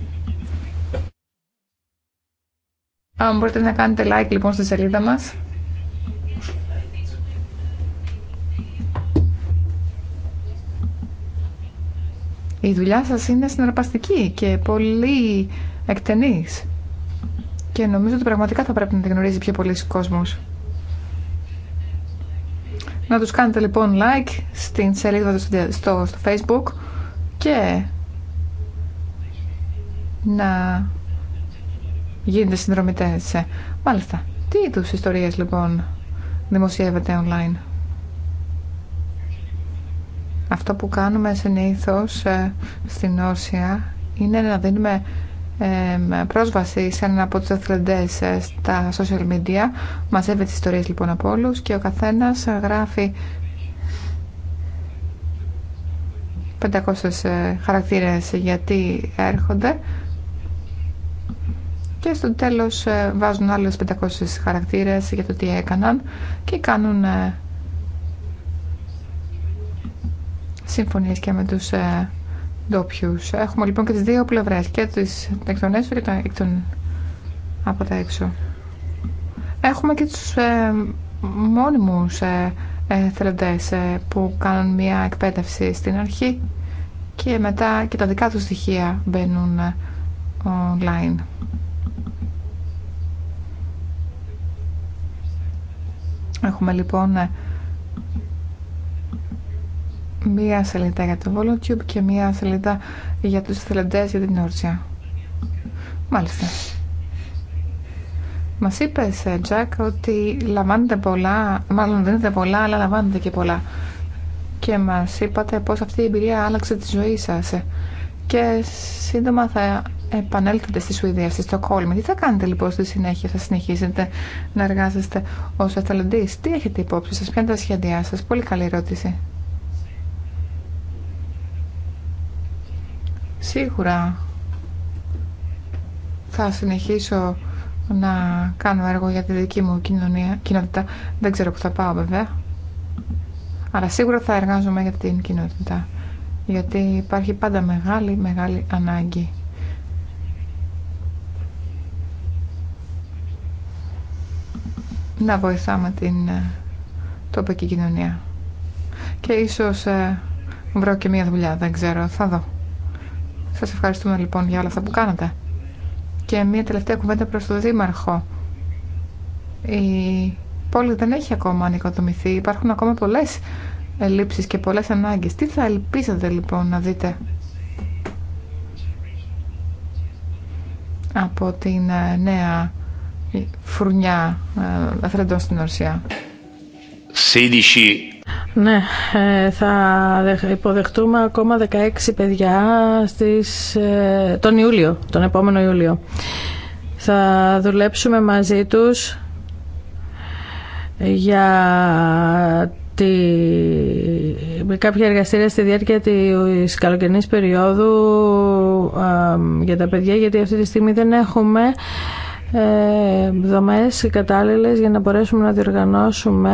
Αν μπορείτε να κάνετε like λοιπόν στη σελίδα μας. Η δουλειά σας είναι συναρπαστική και πολύ εκτενής. Και νομίζω ότι πραγματικά θα πρέπει να τη γνωρίζει πιο πολλοί κόσμος. Να τους κάνετε λοιπόν like στην σελίδα του στο, στο facebook και να γίνετε συνδρομητές. Ε, μάλιστα. Τι είδους ιστορίες λοιπόν δημοσιεύετε online. Αυτό που κάνουμε συνήθως ε, στην Όρσια είναι να δίνουμε πρόσβαση σε έναν από τους αθλητές ε, στα social media. Μαζεύει τις ιστορίες λοιπόν από όλους και ο καθένας γράφει 500 ε, χαρακτήρες γιατί έρχονται και στο τέλος βάζουν άλλες 500 χαρακτήρες για το τι έκαναν και κάνουν συμφωνίες και με τους ε, ντόπιου. Έχουμε λοιπόν και τις δύο πλευρές, και τις εκ των και τα, εκ από τα έξω. Έχουμε και τους ε, μόνιμους ε, ε, που κάνουν μια εκπαίδευση στην αρχή και μετά και τα δικά τους στοιχεία μπαίνουν ε, online. Έχουμε λοιπόν ε, μία σελίδα για το VoloTube και μία σελίδα για τους θελοντές για την Όρτσια. Μάλιστα. Μα είπε, ε, Τζακ, ότι λαμβάνετε πολλά, μάλλον δεν δίνετε πολλά, αλλά λαμβάνετε και πολλά. Και μα είπατε πώ αυτή η εμπειρία άλλαξε τη ζωή σα. Και σύντομα θα επανέλθετε στη Σουηδία, στη Στοκόλμη. Τι θα κάνετε λοιπόν στη συνέχεια, θα συνεχίσετε να εργάζεστε ω εθελοντή. Τι έχετε υπόψη σα, ποια είναι τα σχέδιά σα. Πολύ καλή ερώτηση. Σίγουρα θα συνεχίσω να κάνω έργο για τη δική μου κοινωνία, κοινότητα. Δεν ξέρω που θα πάω βέβαια. Αλλά σίγουρα θα εργάζομαι για την κοινότητα. Γιατί υπάρχει πάντα μεγάλη, μεγάλη ανάγκη. Να βοηθάμε την ε, τοπική κοινωνία. Και ίσως ε, βρω και μία δουλειά, δεν ξέρω, θα δω. Σας ευχαριστούμε λοιπόν για όλα αυτά που κάνατε. Και μια τελευταία κουβέντα προς τον Δήμαρχο. Η πόλη δεν έχει ακόμα ανοικοδομηθεί. Υπάρχουν ακόμα πολλές ελλείψεις και πολλές ανάγκες. Τι θα ελπίζατε λοιπόν να δείτε από την ε, νέα φρουνιά ε, αθρεντών στην Ορσία. 16 ναι, ε, θα υποδεχτούμε ακόμα 16 παιδιά στις, ε, τον Ιούλιο, τον επόμενο Ιούλιο. Θα δουλέψουμε μαζί τους για τη, κάποια εργαστήρια στη διάρκεια της καλοκαιρινής περίοδου για τα παιδιά γιατί αυτή τη στιγμή δεν έχουμε ε, δομές κατάλληλες για να μπορέσουμε να διοργανώσουμε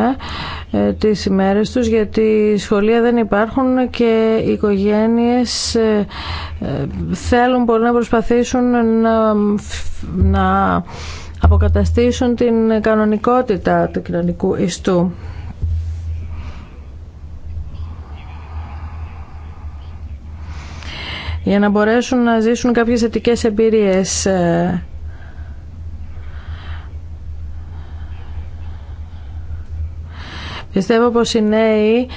ε, τις ημέρες τους γιατί σχολεία δεν υπάρχουν και οι οικογένειες ε, θέλουν πολύ να προσπαθήσουν να, να αποκαταστήσουν την κανονικότητα του κοινωνικού ιστού. για να μπορέσουν να ζήσουν κάποιες θετικές εμπειρίες Πιστεύω πως οι νέοι,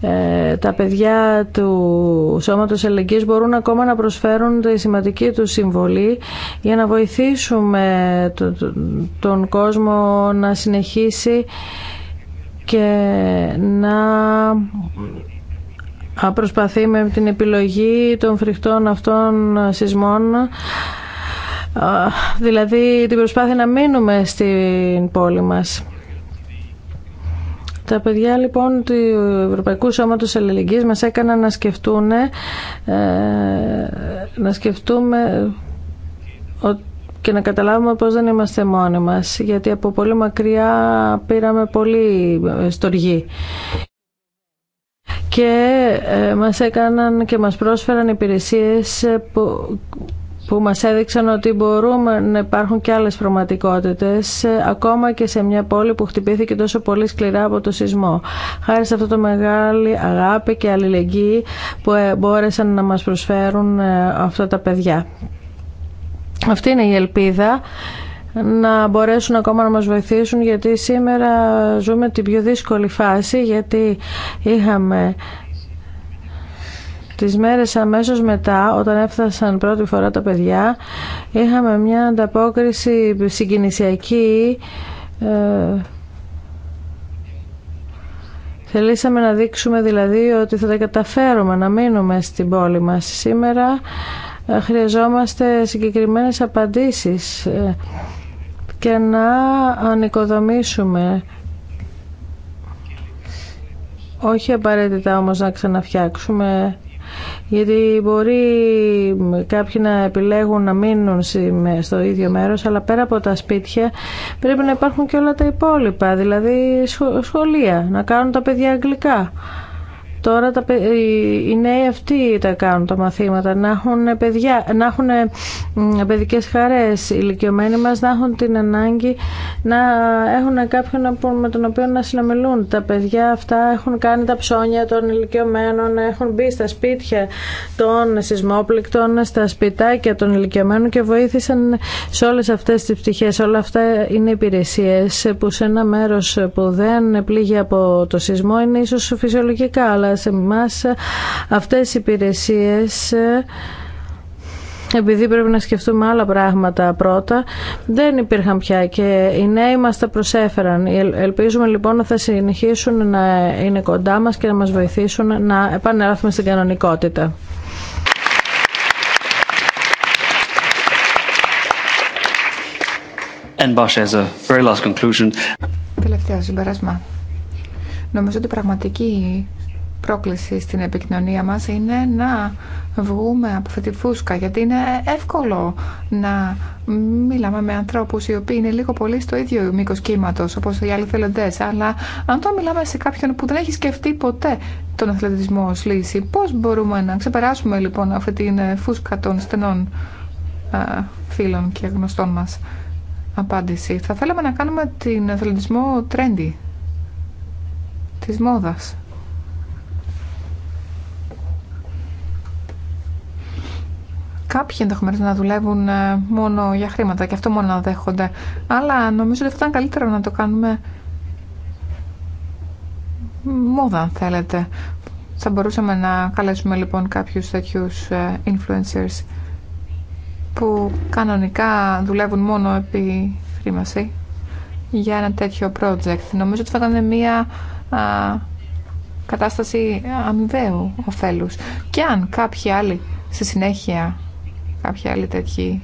ε, τα παιδιά του Σώματος Ελεγγύης μπορούν ακόμα να προσφέρουν τη σημαντική του συμβολή για να βοηθήσουμε τον κόσμο να συνεχίσει και να προσπαθεί με την επιλογή των φρικτών αυτών σεισμών δηλαδή την προσπάθεια να μείνουμε στην πόλη μας. Τα παιδιά λοιπόν του Ευρωπαϊκού Σώματος Αλληλεγγύης μας έκαναν να σκεφτούν ε, να σκεφτούμε και να καταλάβουμε πως δεν είμαστε μόνοι μας, γιατί από πολύ μακριά πήραμε πολύ στοργή και ε, μας έκαναν και μας πρόσφεραν υπηρεσίες που μας έδειξαν ότι μπορούμε να υπάρχουν και άλλες πραγματικότητες ε, ακόμα και σε μια πόλη που χτυπήθηκε τόσο πολύ σκληρά από το σεισμό. Χάρη σε αυτό το μεγάλη αγάπη και αλληλεγγύη που ε, μπόρεσαν να μας προσφέρουν ε, αυτά τα παιδιά. Αυτή είναι η ελπίδα να μπορέσουν ακόμα να μας βοηθήσουν γιατί σήμερα ζούμε την πιο δύσκολη φάση γιατί είχαμε Τις μέρες αμέσως μετά, όταν έφτασαν πρώτη φορά τα παιδιά, είχαμε μια ανταπόκριση συγκινησιακή. Ε, Θελήσαμε να δείξουμε δηλαδή ότι θα τα καταφέρουμε να μείνουμε στην πόλη μας. Σήμερα ε, χρειαζόμαστε συγκεκριμένες απαντήσεις ε, και να ανοικοδομήσουμε. Όχι απαραίτητα όμως να ξαναφτιάξουμε γιατί μπορεί κάποιοι να επιλέγουν να μείνουν στο ίδιο μέρος αλλά πέρα από τα σπίτια πρέπει να υπάρχουν και όλα τα υπόλοιπα δηλαδή σχολεία, να κάνουν τα παιδιά αγγλικά Τώρα τα, οι νέοι αυτοί τα κάνουν τα μαθήματα, να έχουν, παιδιά, να έχουν παιδικές χαρές οι ηλικιωμένοι μας, να έχουν την ανάγκη να έχουν κάποιον με τον οποίο να συνομιλούν. Τα παιδιά αυτά έχουν κάνει τα ψώνια των ηλικιωμένων, έχουν μπει στα σπίτια των σεισμόπληκτων, στα σπιτάκια των ηλικιωμένων και βοήθησαν σε όλες αυτές τις πτυχές. Όλα αυτά είναι υπηρεσίες που σε ένα μέρος που δεν πλήγει από το σεισμό είναι ίσως φυσιολογικά, σε εμά αυτές οι υπηρεσίες επειδή πρέπει να σκεφτούμε άλλα πράγματα πρώτα, δεν υπήρχαν πια και οι νέοι μας τα προσέφεραν. Ελπίζουμε λοιπόν να θα συνεχίσουν να είναι κοντά μας και να μας βοηθήσουν να επανέλθουμε στην κανονικότητα. And very last conclusion. Τελευταίο συμπέρασμα. Νομίζω ότι πραγματική πρόκληση στην επικοινωνία μας είναι να βγούμε από αυτή τη φούσκα γιατί είναι εύκολο να μιλάμε με ανθρώπους οι οποίοι είναι λίγο πολύ στο ίδιο μήκο κύματο, όπως οι άλλοι θελοντές αλλά αν το μιλάμε σε κάποιον που δεν έχει σκεφτεί ποτέ τον αθλητισμό ως λύση πώς μπορούμε να ξεπεράσουμε λοιπόν αυτή τη ε, φούσκα των στενών φίλων και γνωστών μας απάντηση θα θέλαμε να κάνουμε την αθλητισμό trendy της μόδας Κάποιοι ενδεχομένω να δουλεύουν ε, μόνο για χρήματα και αυτό μόνο να δέχονται. Αλλά νομίζω ότι θα ήταν καλύτερο να το κάνουμε μόδα, αν θέλετε. Θα μπορούσαμε να καλέσουμε λοιπόν κάποιους τέτοιους ε, influencers που κανονικά δουλεύουν μόνο επί χρήμαση για ένα τέτοιο project. Νομίζω ότι θα ήταν μια κατάσταση αμοιβαίου ωφέλους. Και αν κάποιοι άλλοι στη συνέχεια κάποια άλλη τέτοιοι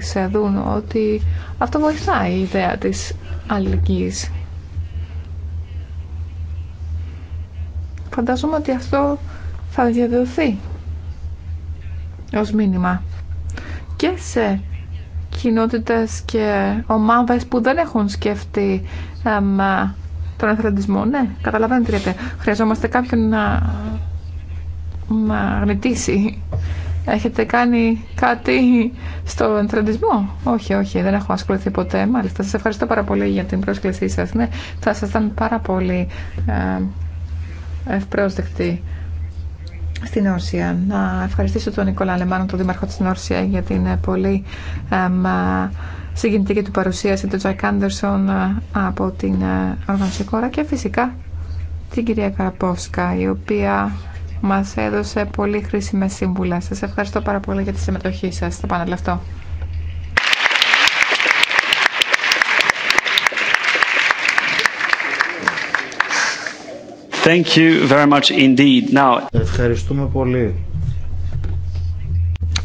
σε δουν ότι αυτό βοηθάει η ιδέα της αλληλεγγύης. Φαντάζομαι ότι αυτό θα διαδοθεί ως μήνυμα και σε κοινότητες και ομάδες που δεν έχουν σκεφτεί εμ, τον εθελοντισμό. Ναι, καταλαβαίνετε. Χρειαζόμαστε κάποιον να μαγνητήσει. Έχετε κάνει κάτι στον τραντισμό. Όχι, όχι, δεν έχω ασχοληθεί ποτέ. Μάλιστα, σας ευχαριστώ πάρα πολύ για την πρόσκλησή σας. Ναι, θα σας ήταν πάρα πολύ ε, ευπρόσδεκτη στην Όρσια. Να ευχαριστήσω τον Νικόλα Αλεμάνο, τον Δήμαρχο της Όρσια, για την ε, πολύ συγκινητική του παρουσίαση, του Τζακ Άντερσον ε, από την οργανωσή και φυσικά την κυρία Καραπόσκα, η οποία μας έδωσε πολύ χρήσιμες σύμβουλα. Σας ευχαριστώ πάρα πολύ για τη συμμετοχή σας στο πάνελ Thank you very much indeed. Now... Ευχαριστούμε πολύ.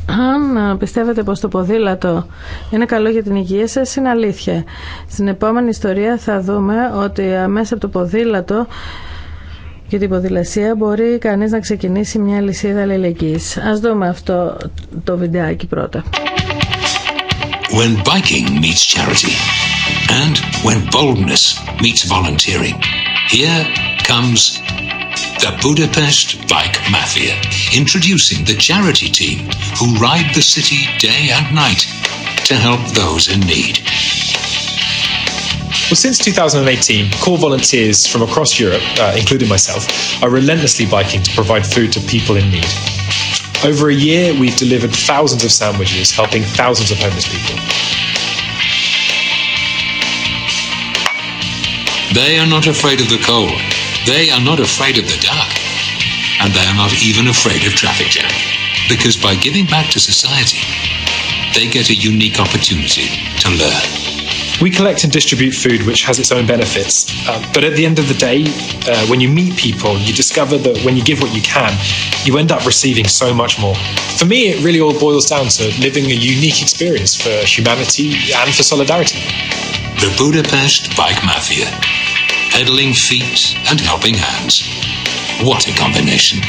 Αν πιστεύετε πως το ποδήλατο είναι καλό για την υγεία σας, είναι αλήθεια. Στην επόμενη ιστορία θα δούμε ότι μέσα από το ποδήλατο για την ποδηλασία μπορεί κανείς να ξεκινήσει μια λυσίδα αλληλεγγύης. Ας δούμε αυτό το βιντεάκι πρώτα. When biking meets charity and when boldness meets volunteering, here comes the Budapest Bike Mafia, introducing the charity team who ride the city day and night to help those in need. Well, since 2018, core volunteers from across Europe, including myself, are relentlessly biking to provide food to people in need. Over a year, we've delivered thousands of sandwiches, helping thousands of homeless people. They are not afraid of the cold. They are not afraid of the dark. And they are not even afraid of traffic jam. Because by giving back to society, they get a unique opportunity to learn. We collect and distribute food, which has its own benefits. but at the end of the day, when you meet people, you discover that when you give what you can, you end up receiving so much more. For me, it really all boils down to living a unique experience for humanity and for solidarity. The Budapest Bike Mafia. Pedaling feet and helping hands. What a combination.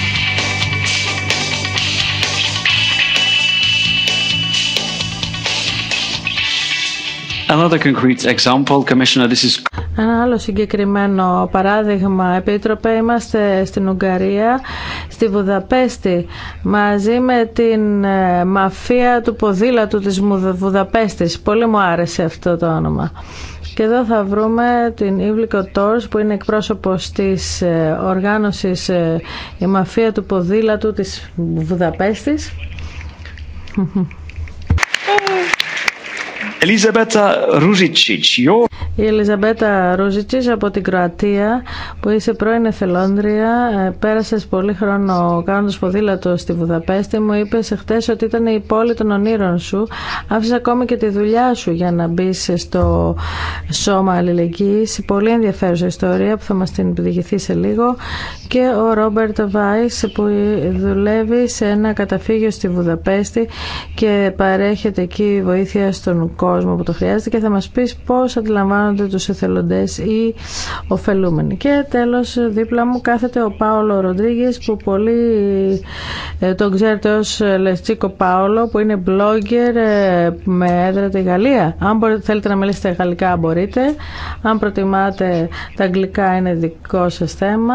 Another concrete example, Commissioner, this is... Ένα άλλο συγκεκριμένο παράδειγμα, Επίτροπε, είμαστε στην Ουγγαρία, στη Βουδαπέστη, μαζί με την ε, μαφία του ποδήλατου της Βουδαπέστης. Πολύ μου άρεσε αυτό το όνομα. Και εδώ θα βρούμε την Ιβλικο Τόρς που είναι εκπρόσωπος της ε, οργάνωσης ε, η μαφία του ποδήλατου της Βουδαπέστης. Elisabetta Ruzicic, your... Η Ελιζαμπέτα Ρούζιτσις από την Κροατία που είσαι πρώην εθελόντρια ε, πέρασες πολύ χρόνο κάνοντας ποδήλατο στη Βουδαπέστη μου είπε χθε ότι ήταν η πόλη των ονείρων σου άφησε ακόμη και τη δουλειά σου για να μπει στο σώμα αλληλεγγύη. πολύ ενδιαφέρουσα ιστορία που θα μα την διηγηθεί σε λίγο και ο Ρόμπερτ Βάι, που δουλεύει σε ένα καταφύγιο στη Βουδαπέστη και παρέχεται εκεί βοήθεια στον κόσμο που το χρειάζεται και θα μα πει πώ αντιλαμβάνεται αισθάνονται τους εθελοντές ή ωφελούμενοι. Και τέλος δίπλα μου κάθεται ο Πάολο Ροντρίγε που πολύ ε, τον ξέρετε ως ε, Λετσίκο Πάολο που είναι blogger ε, με έδρα τη Γαλλία. Αν μπορείτε, θέλετε να μιλήσετε γαλλικά μπορείτε. Αν προτιμάτε τα αγγλικά είναι δικό σας θέμα.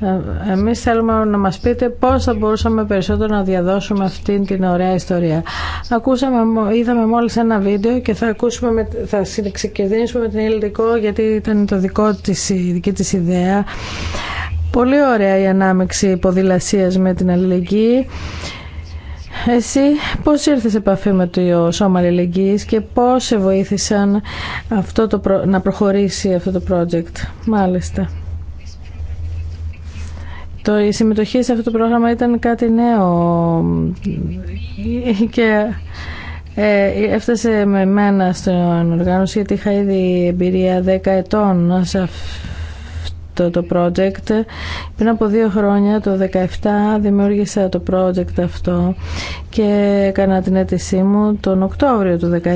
Ε, εμείς θέλουμε να μας πείτε πώς θα μπορούσαμε περισσότερο να διαδώσουμε αυτή την ωραία ιστορία. Ακούσαμε, είδαμε μόλις ένα βίντεο και θα, ακούσουμε, θα ξεκινήσουμε με την ελληνικό γιατί ήταν το δικό της, η δική της ιδέα. Πολύ ωραία η ανάμεξη ποδηλασίας με την αλληλεγγύη. Εσύ πώς ήρθες σε επαφή με το Σώμα Αλληλεγγύης και πώς σε βοήθησαν αυτό το, να προχωρήσει αυτό το project. Μάλιστα. Το, η συμμετοχή σε αυτό το πρόγραμμα ήταν κάτι νέο και ε, έφτασε με μένα στην οργάνωση γιατί είχα ήδη εμπειρία 10 ετών σε αυτό το project. Πριν από δύο χρόνια, το 2017, δημιούργησα το project αυτό και έκανα την αίτησή μου τον Οκτώβριο του 2017.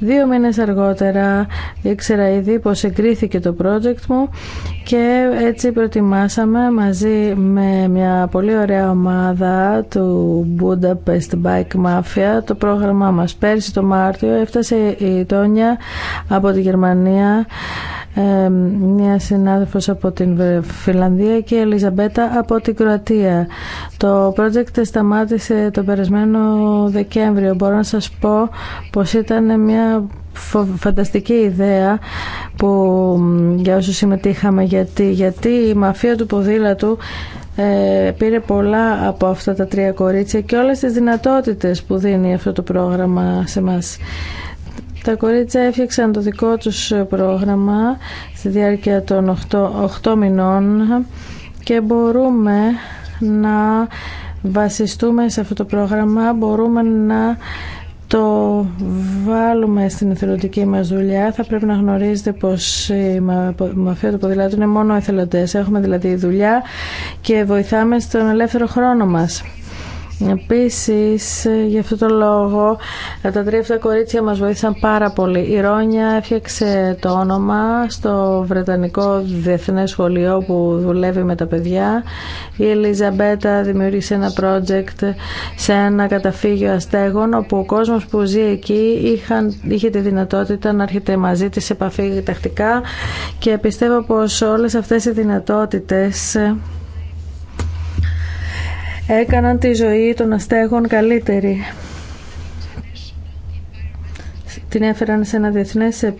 Δύο μήνες αργότερα ήξερα ήδη πως εγκρίθηκε το project μου και έτσι προετοιμάσαμε μαζί με μια πολύ ωραία ομάδα του Budapest Bike Mafia το πρόγραμμά μας. Πέρσι το Μάρτιο έφτασε η Τόνια από τη Γερμανία, ε, μια συνάδελφο από την Φιλανδία και η Ελιζαμπέτα από την Κροατία. Το project σταμάτησε το περασμένο Δεκέμβριο. Μπορώ να σας πω πως ήταν μια φανταστική ιδέα που για όσους συμμετείχαμε γιατί, γιατί η μαφία του ποδήλατου ε, πήρε πολλά από αυτά τα τρία κορίτσια και όλες τις δυνατότητες που δίνει αυτό το πρόγραμμα σε μας. Τα κορίτσια έφτιαξαν το δικό τους πρόγραμμα στη διάρκεια των 8, 8 μηνών και μπορούμε να βασιστούμε σε αυτό το πρόγραμμα, μπορούμε να το βάλουμε στην εθελοντική μας δουλειά. Θα πρέπει να γνωρίζετε πως η μαφία του ποδηλάτου είναι μόνο εθελοντές. Έχουμε δηλαδή δουλειά και βοηθάμε στον ελεύθερο χρόνο μας. Επίση, γι' αυτό τον λόγο, τα τρία αυτά κορίτσια μας βοήθησαν πάρα πολύ. Η Ρόνια έφτιαξε το όνομα στο Βρετανικό Διεθνές Σχολείο που δουλεύει με τα παιδιά. Η Ελιζαμπέτα δημιούργησε ένα project σε ένα καταφύγιο αστέγων όπου ο κόσμος που ζει εκεί είχαν, είχε τη δυνατότητα να έρχεται μαζί της σε επαφή τακτικά και πιστεύω πως όλες αυτέ οι δυνατότητες έκαναν τη ζωή των αστέγων καλύτερη. Την έφεραν σε ένα διεθνές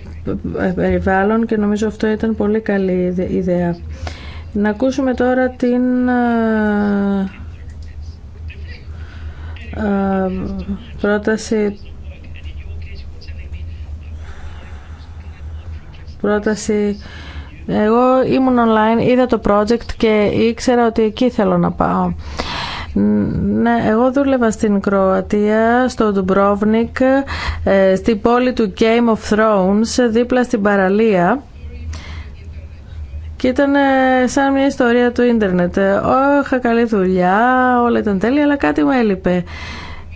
περιβάλλον και νομίζω αυτό ήταν πολύ καλή ιδέα. Να ακούσουμε τώρα την ε, ε, πρόταση πρόταση εγώ ήμουν online, είδα το project και ήξερα ότι εκεί θέλω να πάω. Ναι, εγώ δούλευα στην Κροατία, στο Ντουμπρόβνικ, ε, στη πόλη του Game of Thrones, δίπλα στην παραλία. Και ήταν ε, σαν μια ιστορία του ίντερνετ. Είχα καλή δουλειά, όλα ήταν τέλεια, αλλά κάτι μου έλειπε.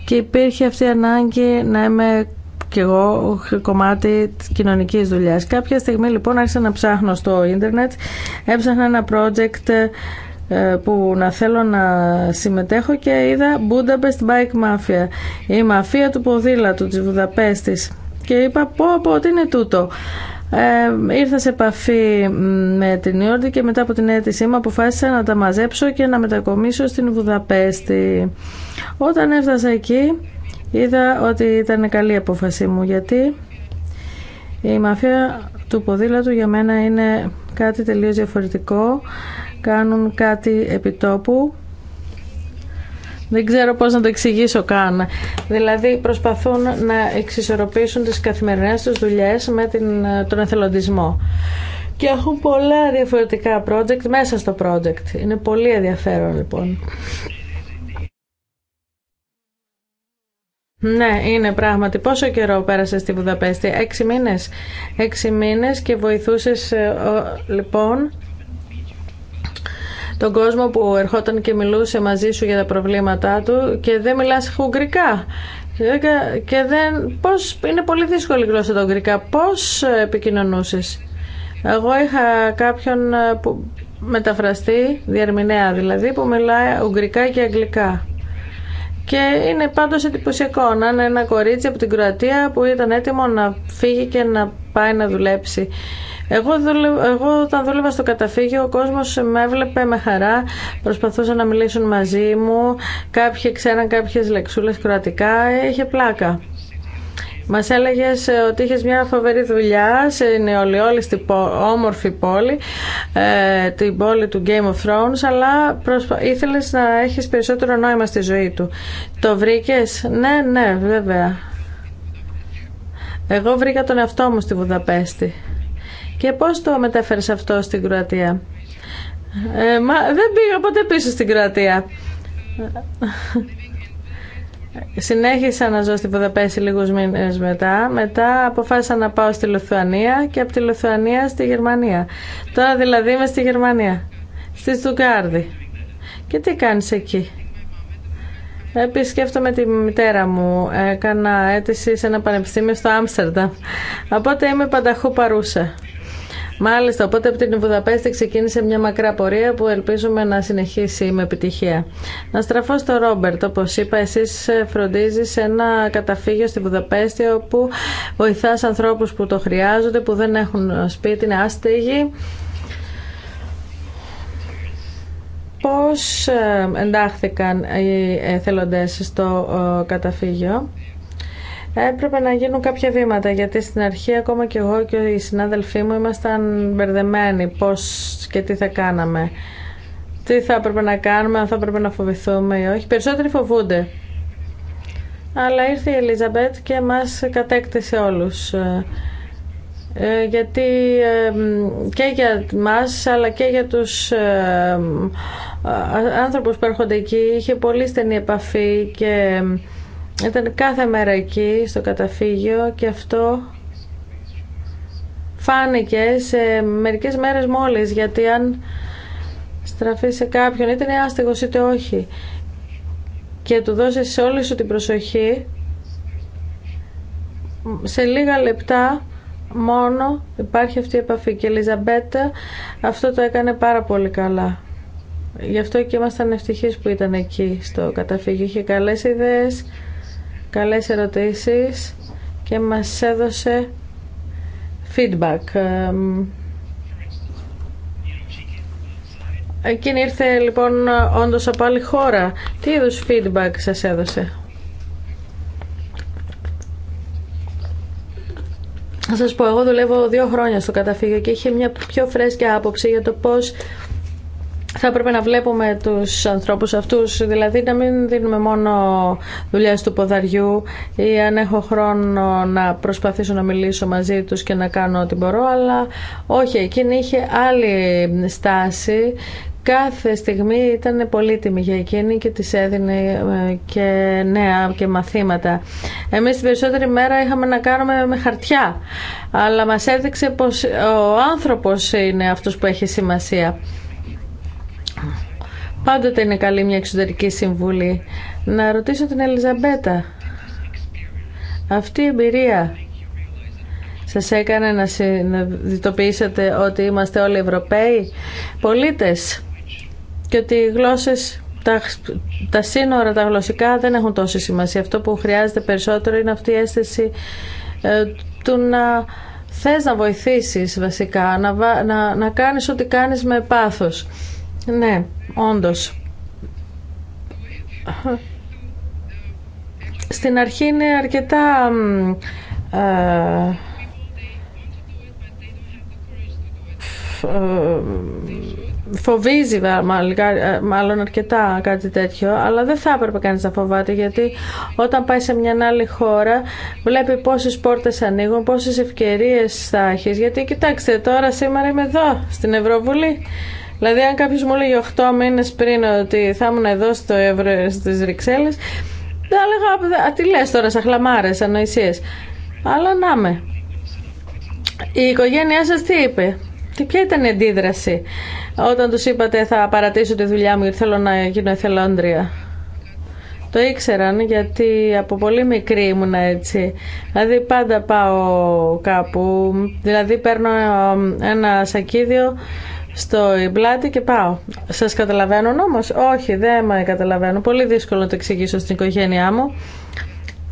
Και υπήρχε αυτή η ανάγκη να είμαι και εγώ κομμάτι της κοινωνικής δουλειάς. Κάποια στιγμή λοιπόν άρχισα να ψάχνω στο ίντερνετ, έψαχνα ένα project ε, που να θέλω να συμμετέχω και είδα Budapest Bike Mafia, η μαφία του ποδήλατου της Βουδαπέστης και είπα πω πω τι είναι τούτο. Ε, ήρθα σε επαφή με την Ιόρντι και μετά από την αίτησή μου αποφάσισα να τα μαζέψω και να μετακομίσω στην Βουδαπέστη. Όταν έφτασα εκεί είδα ότι ήταν καλή απόφασή μου γιατί η μαφία του ποδήλατου για μένα είναι κάτι τελείως διαφορετικό κάνουν κάτι επιτόπου. Δεν ξέρω πώς να το εξηγήσω καν. Δηλαδή προσπαθούν να εξισορροπήσουν τις καθημερινές τους δουλειές με την, τον εθελοντισμό. Και έχουν πολλά διαφορετικά project μέσα στο project. Είναι πολύ ενδιαφέρον λοιπόν. Ναι, είναι πράγματι. Πόσο καιρό πέρασες στη Βουδαπέστη, έξι μήνες. Έξι μήνες και βοηθούσες ε, λοιπόν τον κόσμο που ερχόταν και μιλούσε μαζί σου για τα προβλήματά του και δεν μιλάς ουγγρικά. Και δεν, πώς, είναι πολύ δύσκολη γλώσσα τα ουγγρικά. Πώς επικοινωνούσες. Εγώ είχα κάποιον ε, μεταφραστή, διαρμηνέα δηλαδή, που μιλάει ουγγρικά και αγγλικά. Και είναι πάντω εντυπωσιακό να είναι ένα κορίτσι από την Κροατία που ήταν έτοιμο να φύγει και να πάει να δουλέψει. Εγώ, δουλε... όταν δούλευα στο καταφύγιο ο κόσμος με έβλεπε με χαρά, προσπαθούσαν να μιλήσουν μαζί μου, κάποιοι ξέραν κάποιες λεξούλες κροατικά, είχε πλάκα. Μα έλεγε ε, ότι είχες μια φοβερή δουλειά σε Στην όμορφη πόλη, ε, την πόλη του Game of Thrones, αλλά προσπα... ήθελες να έχεις περισσότερο νόημα στη ζωή του. Το βρήκε, Ναι, ναι, βέβαια. Εγώ βρήκα τον εαυτό μου στη Βουδαπέστη. Και πώς το μετέφερες αυτό στην Κροατία? Ε, μα δεν πήγα ποτέ πίσω στην Κροατία. Συνέχισα να ζω στη Βουδαπέστη λίγους μήνες μετά. Μετά αποφάσισα να πάω στη Λουθουανία και από τη Λουθουανία στη Γερμανία. Τώρα δηλαδή είμαι στη Γερμανία, στη Στουκάρδη. Και τι κάνεις εκεί. Επισκέφτομαι τη μητέρα μου. Έκανα αίτηση σε ένα πανεπιστήμιο στο Άμστερνταμ. Οπότε είμαι πανταχού παρούσα. Μάλιστα, οπότε από την Βουδαπέστη ξεκίνησε μια μακρά πορεία που ελπίζουμε να συνεχίσει με επιτυχία. Να στραφώ στο Ρόμπερτ, όπω είπα, εσεί φροντίζει ένα καταφύγιο στη Βουδαπέστη όπου βοηθά ανθρώπου που το χρειάζονται, που δεν έχουν σπίτι, είναι άστεγοι. Πώς ε, εντάχθηκαν οι εθελοντές στο ε, καταφύγιο έπρεπε να γίνουν κάποια βήματα γιατί στην αρχή ακόμα και εγώ και οι συνάδελφοί μου ήμασταν μπερδεμένοι πώς και τι θα κάναμε τι θα έπρεπε να κάνουμε, αν θα έπρεπε να φοβηθούμε ή όχι. Περισσότεροι φοβούνται. Αλλά ήρθε η Ελίζαμπετ και μας κατέκτησε όλους. Ε, γιατί ε, και για μας αλλά και για τους ε, ε, ε άνθρωπους που έρχονται εκεί είχε πολύ στενή επαφή και ήταν κάθε μέρα εκεί στο καταφύγιο και αυτό φάνηκε σε μερικές μέρες μόλις γιατί αν στραφεί σε κάποιον είτε είναι άστεγος είτε όχι και του δώσεις όλη σου την προσοχή σε λίγα λεπτά μόνο υπάρχει αυτή η επαφή και η Ελιζαμπέτα αυτό το έκανε πάρα πολύ καλά γι' αυτό και ήμασταν ευτυχείς που ήταν εκεί στο καταφύγιο είχε καλές ιδέες καλές ερωτήσεις και μας έδωσε feedback. Εκείνη ήρθε λοιπόν όντως από άλλη χώρα. Τι είδους feedback σας έδωσε. Θα σας πω, εγώ δουλεύω δύο χρόνια στο καταφύγιο και είχε μια πιο φρέσκια άποψη για το πώς θα έπρεπε να βλέπουμε τους ανθρώπους αυτούς, δηλαδή να μην δίνουμε μόνο δουλειά του ποδαριού ή αν έχω χρόνο να προσπαθήσω να μιλήσω μαζί τους και να κάνω ό,τι μπορώ, αλλά όχι, εκείνη είχε άλλη στάση. Κάθε στιγμή ήταν πολύτιμη για εκείνη και της έδινε ε, και νέα και μαθήματα. Εμείς την περισσότερη μέρα είχαμε να κάνουμε με χαρτιά, αλλά μας έδειξε πως ο άνθρωπος είναι αυτός που έχει σημασία. Πάντοτε είναι καλή μια εξωτερική συμβουλή. Να ρωτήσω την Ελιζαμπέτα. Αυτή η εμπειρία σας έκανε να συνειδητοποιήσετε ότι είμαστε όλοι Ευρωπαίοι πολίτες και ότι οι γλώσσες, τα, τα σύνορα, τα γλωσσικά δεν έχουν τόση σημασία. Αυτό που χρειάζεται περισσότερο είναι αυτή η αίσθηση ε, του να θες να βοηθήσεις βασικά, να, να, να κάνεις ό,τι κάνεις με πάθος. Ναι, όντως. Στην αρχή είναι αρκετά... Ε, ε, φοβίζει ε, μάλλον αρκετά κάτι τέτοιο, αλλά δεν θα έπρεπε κανείς να φοβάται γιατί όταν πάει σε μια άλλη χώρα βλέπει πόσες πόρτες ανοίγουν, πόσες ευκαιρίες θα έχεις γιατί κοιτάξτε τώρα σήμερα είμαι εδώ στην Ευρωβουλή Δηλαδή, αν κάποιο μου έλεγε 8 μήνε πριν ότι θα ήμουν εδώ στο Εύρω στι Ρηξέλλε, θα έλεγα Τι λε τώρα, σαν χλαμάρε, ανοησίε. Αλλά να με. Η οικογένειά σα τι είπε, τι, ποια ήταν η αντίδραση όταν τους είπατε θα παρατήσω τη δουλειά μου ή θέλω να γίνω εθελόντρια. Το ήξεραν γιατί από πολύ μικρή ήμουνα έτσι. Δηλαδή πάντα πάω κάπου, δηλαδή παίρνω ε, ένα σακίδιο στο πλάτη και πάω. Σα καταλαβαίνω όμω. Όχι, δεν με καταλαβαίνω. Πολύ δύσκολο να το εξηγήσω στην οικογένειά μου.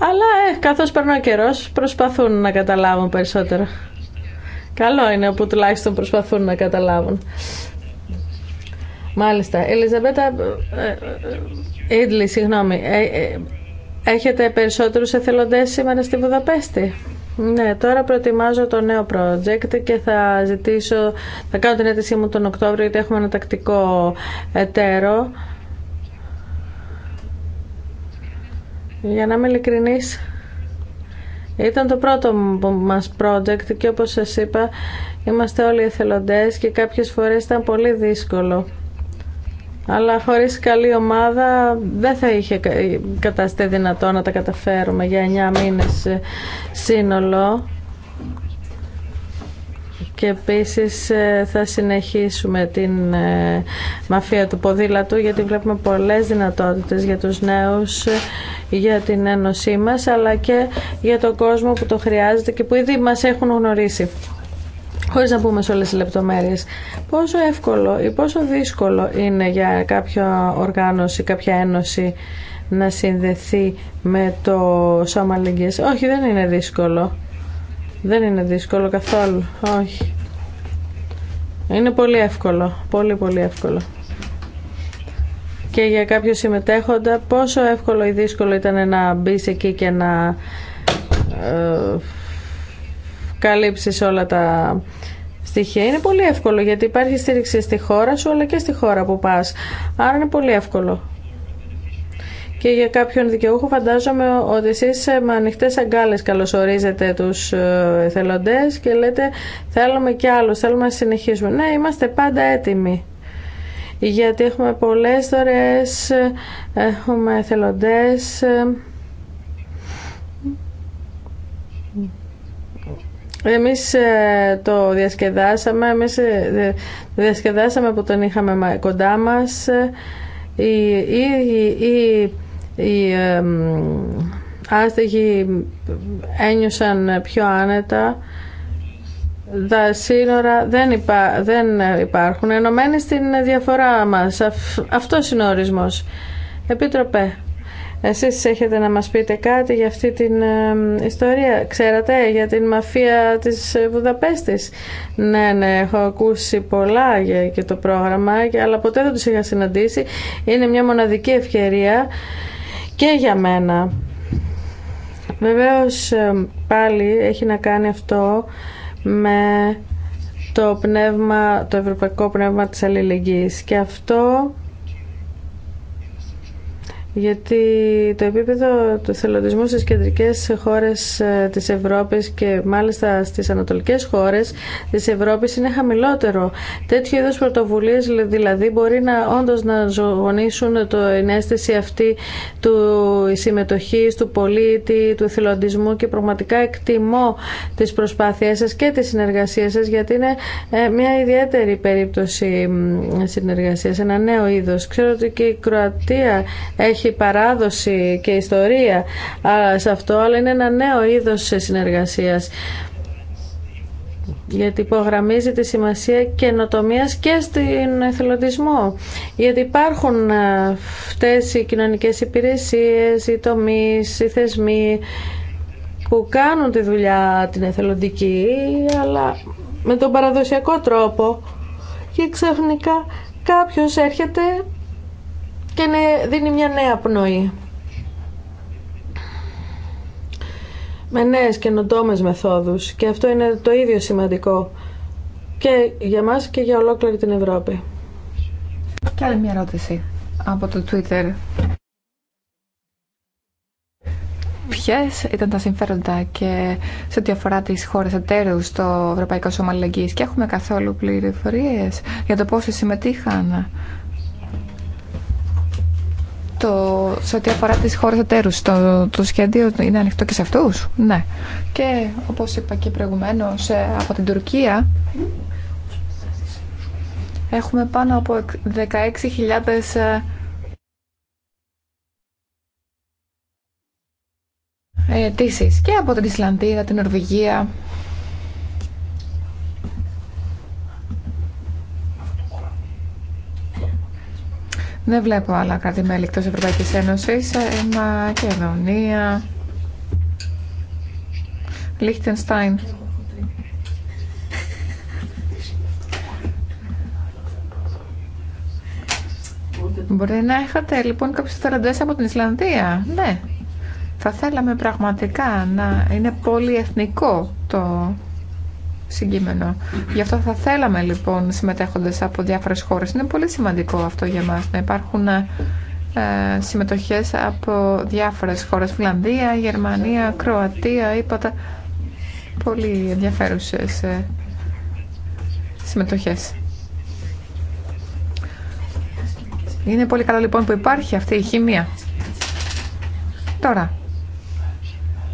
Αλλά ε, καθώ περνά καιρό, προσπαθούν να καταλάβουν περισσότερο. Καλό είναι που τουλάχιστον προσπαθούν να καταλάβουν. Μάλιστα. Ελιζαμπέτα ε, ε, ε, Ίντλη, συγγνώμη. Έχετε περισσότερους εθελοντές σήμερα στη Βουδαπέστη. Ναι, τώρα προετοιμάζω το νέο project και θα ζητήσω, θα κάνω την αίτησή μου τον Οκτώβριο γιατί έχουμε ένα τακτικό εταίρο. Για να είμαι ειλικρινής, ήταν το πρώτο μας project και όπως σας είπα είμαστε όλοι εθελοντές και κάποιες φορές ήταν πολύ δύσκολο. Αλλά χωρί καλή ομάδα δεν θα είχε καταστεί δυνατό να τα καταφέρουμε για 9 μήνε ε, σύνολο. Και επίσης ε, θα συνεχίσουμε την ε, μαφία του ποδήλατου γιατί βλέπουμε πολλές δυνατότητες για τους νέους, για την ένωσή μας αλλά και για τον κόσμο που το χρειάζεται και που ήδη μας έχουν γνωρίσει. Χωρί να πούμε σε όλες τις λεπτομέρειες, πόσο εύκολο ή πόσο δύσκολο είναι για κάποια οργάνωση, κάποια ένωση να συνδεθεί με το σώμα Όχι, δεν είναι δύσκολο. Δεν είναι δύσκολο καθόλου. Όχι. Είναι πολύ εύκολο. Πολύ πολύ εύκολο. Και για κάποιο συμμετέχοντα πόσο εύκολο ή δύσκολο ήταν να μπει εκεί και να ε, καλύψεις όλα τα στοιχεία. Είναι πολύ εύκολο γιατί υπάρχει στήριξη στη χώρα σου αλλά και στη χώρα που πας. Άρα είναι πολύ εύκολο. Και για κάποιον δικαιούχο φαντάζομαι ότι εσείς με ανοιχτέ αγκάλες καλωσορίζετε τους ε, θελοντές και λέτε θέλουμε κι άλλους, θέλουμε να συνεχίσουμε. Ναι, είμαστε πάντα έτοιμοι. Γιατί έχουμε πολλές δωρεές, ε, έχουμε θελοντές. Ε, εμείς ε, το διασκεδάσαμε, εμείς το ε, διασκεδάσαμε που τον είχαμε κοντά μας. Η, η, η, η άστεγοι ένιωσαν πιο άνετα. Τα σύνορα δεν, δεν υπάρχουν. Ενωμένοι στην διαφορά μας. Αυτό είναι ο ορισμός. Επίτροπε, εσείς έχετε να μας πείτε κάτι για αυτή την ε, ιστορία. Ξέρατε για την μαφία της Βουδαπέστης. Ναι, ναι, έχω ακούσει πολλά για και το πρόγραμμα, αλλά ποτέ δεν τους είχα συναντήσει. Είναι μια μοναδική ευκαιρία και για μένα. Βεβαίως ε, πάλι έχει να κάνει αυτό με το πνεύμα, το ευρωπαϊκό πνεύμα της αλληλεγγύης και αυτό γιατί το επίπεδο του θελοντισμού στις κεντρικές χώρες ε, της Ευρώπης και μάλιστα στις ανατολικές χώρες της Ευρώπης είναι χαμηλότερο. Τέτοιου είδους πρωτοβουλίες δηλαδή μπορεί να όντως να ζωγονήσουν το ενέστηση αυτή του συμμετοχής του πολίτη, του θελοντισμού και πραγματικά εκτιμώ τις προσπάθειές σας και τη συνεργασία σας γιατί είναι ε, μια ιδιαίτερη περίπτωση συνεργασίας, ένα νέο είδος. Ξέρω ότι και η Κροατία έχει έχει παράδοση και ιστορία σε αυτό, αλλά είναι ένα νέο είδος συνεργασίας γιατί υπογραμμίζει τη σημασία καινοτομία και στην εθελοντισμό. Γιατί υπάρχουν αυτές οι κοινωνικές υπηρεσίες, οι τομείς, οι θεσμοί που κάνουν τη δουλειά την εθελοντική, αλλά με τον παραδοσιακό τρόπο και ξαφνικά κάποιος έρχεται και ναι, δίνει μια νέα πνοή. Με νέες καινοτόμε μεθόδους και αυτό είναι το ίδιο σημαντικό και για μας και για ολόκληρη την Ευρώπη. Και άλλη μια ερώτηση από το Twitter. Ποιε ήταν τα συμφέροντα και σε ό,τι αφορά τι χώρε εταίρου στο Ευρωπαϊκό Σώμα και έχουμε καθόλου πληροφορίε για το πόσοι συμμετείχαν το, σε ό,τι αφορά τις χώρες εταίρους. Το, το σχέδιο είναι ανοιχτό και σε αυτούς. Ναι. Και όπως είπα και προηγουμένως ε, από την Τουρκία έχουμε πάνω από 16.000 ε, αιτήσει και από την Ισλανδία, την Νορβηγία Δεν βλέπω άλλα κράτη-μέλη εκτός Ευρωπαϊκής Ένωσης. Ε, Μακεδονία, Λίχτενστάιν. Μπορεί να έχατε λοιπόν κάποιους θεραντές από την Ισλανδία. Ναι. Θα θέλαμε πραγματικά να είναι πολυεθνικό το συγκείμενο. Γι' αυτό θα θέλαμε λοιπόν συμμετέχοντες από διάφορες χώρες. Είναι πολύ σημαντικό αυτό για μας να υπάρχουν ε, συμμετοχές από διάφορες χώρες. Φιλανδία, Γερμανία, Κροατία, είπατε. Πολύ ενδιαφέρουσες ε, συμμετοχές. Είναι πολύ καλό λοιπόν που υπάρχει αυτή η χημεία. Τώρα,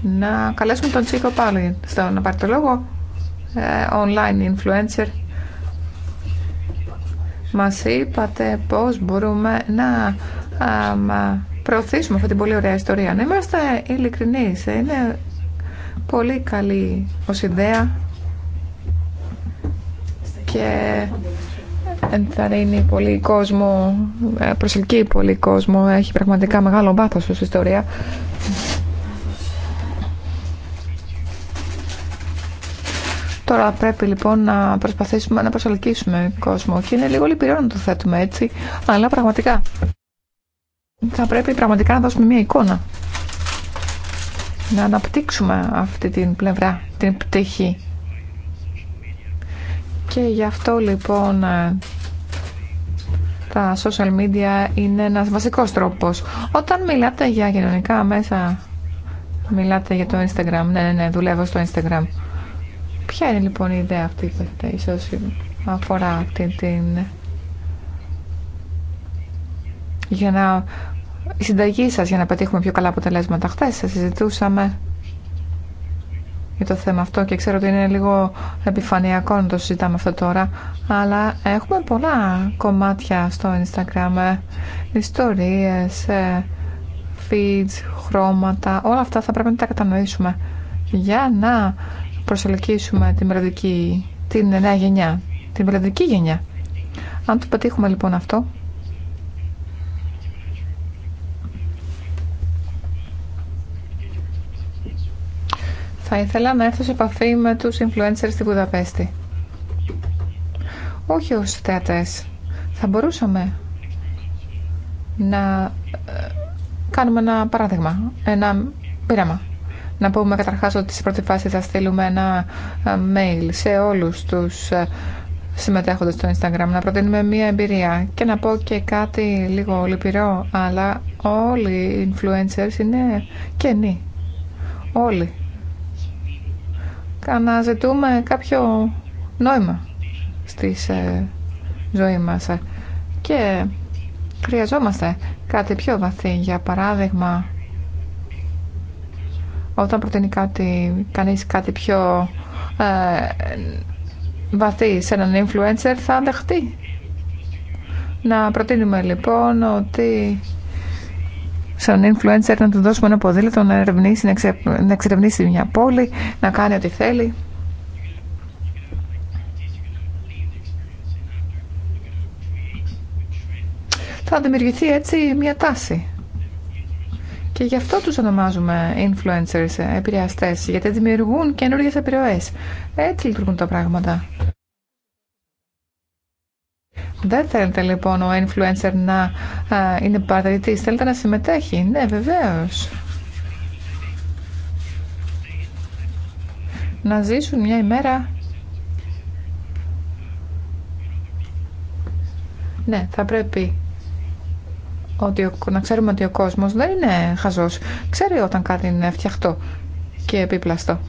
να καλέσουμε τον Τσίκο πάλι στο να πάρει το λόγο. Ε, online influencer μας είπατε πώς μπορούμε να προωθήσουμε αυτή την πολύ ωραία ιστορία. Να είμαστε ειλικρινεί. Είναι πολύ καλή ω ιδέα και ενθαρρύνει πολύ κόσμο, ε, προσελκύει πολύ κόσμο, έχει πραγματικά μεγάλο βάθος ως ιστορία. Τώρα πρέπει λοιπόν να προσπαθήσουμε να προσελκύσουμε κόσμο και είναι λίγο λυπηρό να το θέτουμε έτσι, αλλά πραγματικά θα πρέπει πραγματικά να δώσουμε μια εικόνα. Να αναπτύξουμε αυτή την πλευρά, την πτυχή. Και γι' αυτό λοιπόν ε, τα social media είναι ένας βασικός τρόπος. Όταν μιλάτε για κοινωνικά μέσα, μιλάτε για το Instagram, ναι, ναι, ναι, δουλεύω στο Instagram. Ποια είναι λοιπόν η ιδέα αυτή που έχετε, ίσως αφορά αυτή την... Για να... Η συνταγή σας για να πετύχουμε πιο καλά αποτελέσματα. Χθες σας συζητούσαμε για το θέμα αυτό και ξέρω ότι είναι λίγο επιφανειακό να το συζητάμε αυτό τώρα αλλά έχουμε πολλά κομμάτια στο Instagram ιστορίες ε, feeds, χρώματα όλα αυτά θα πρέπει να τα κατανοήσουμε για να προσελκύσουμε την την νέα γενιά, την μελλοντική γενιά. Αν το πετύχουμε λοιπόν αυτό, θα ήθελα να έρθω σε επαφή με τους influencers στη Βουδαπέστη. Όχι ως θεατές. Θα μπορούσαμε να ε, κάνουμε ένα παράδειγμα, ένα πείραμα. Να πούμε καταρχάς ότι σε πρώτη φάση θα στείλουμε ένα ε, mail σε όλους τους ε, συμμετέχοντες στο Instagram, να προτείνουμε μία εμπειρία και να πω και κάτι λίγο λυπηρό, αλλά όλοι οι influencers είναι κενοί. Όλοι. ζητούμε κάποιο νόημα στη ε, ζωή μας και χρειαζόμαστε κάτι πιο βαθύ, για παράδειγμα όταν προτείνει κάτι, κανείς κάτι πιο ε, βαθύ σε έναν influencer θα ανταχθεί. Να προτείνουμε λοιπόν ότι έναν influencer να του δώσουμε ένα ποδήλατο να ερευνήσει, να, να εξερευνήσει μια πόλη, να κάνει ό,τι θέλει. Θα δημιουργηθεί έτσι μια τάση. Και γι' αυτό τους ονομάζουμε influencers, επηρεαστές, γιατί δημιουργούν καινούργιες επιρροές. Έτσι λειτουργούν τα πράγματα. Δεν θέλετε λοιπόν ο influencer να είναι παρατηρητής, θέλετε να συμμετέχει. Ναι, βεβαίως. Να ζήσουν μια ημέρα... Ναι, θα πρέπει ότι ο, να ξέρουμε ότι ο κόσμος δεν είναι χαζός. Ξέρει όταν κάτι είναι φτιαχτό και επίπλαστο.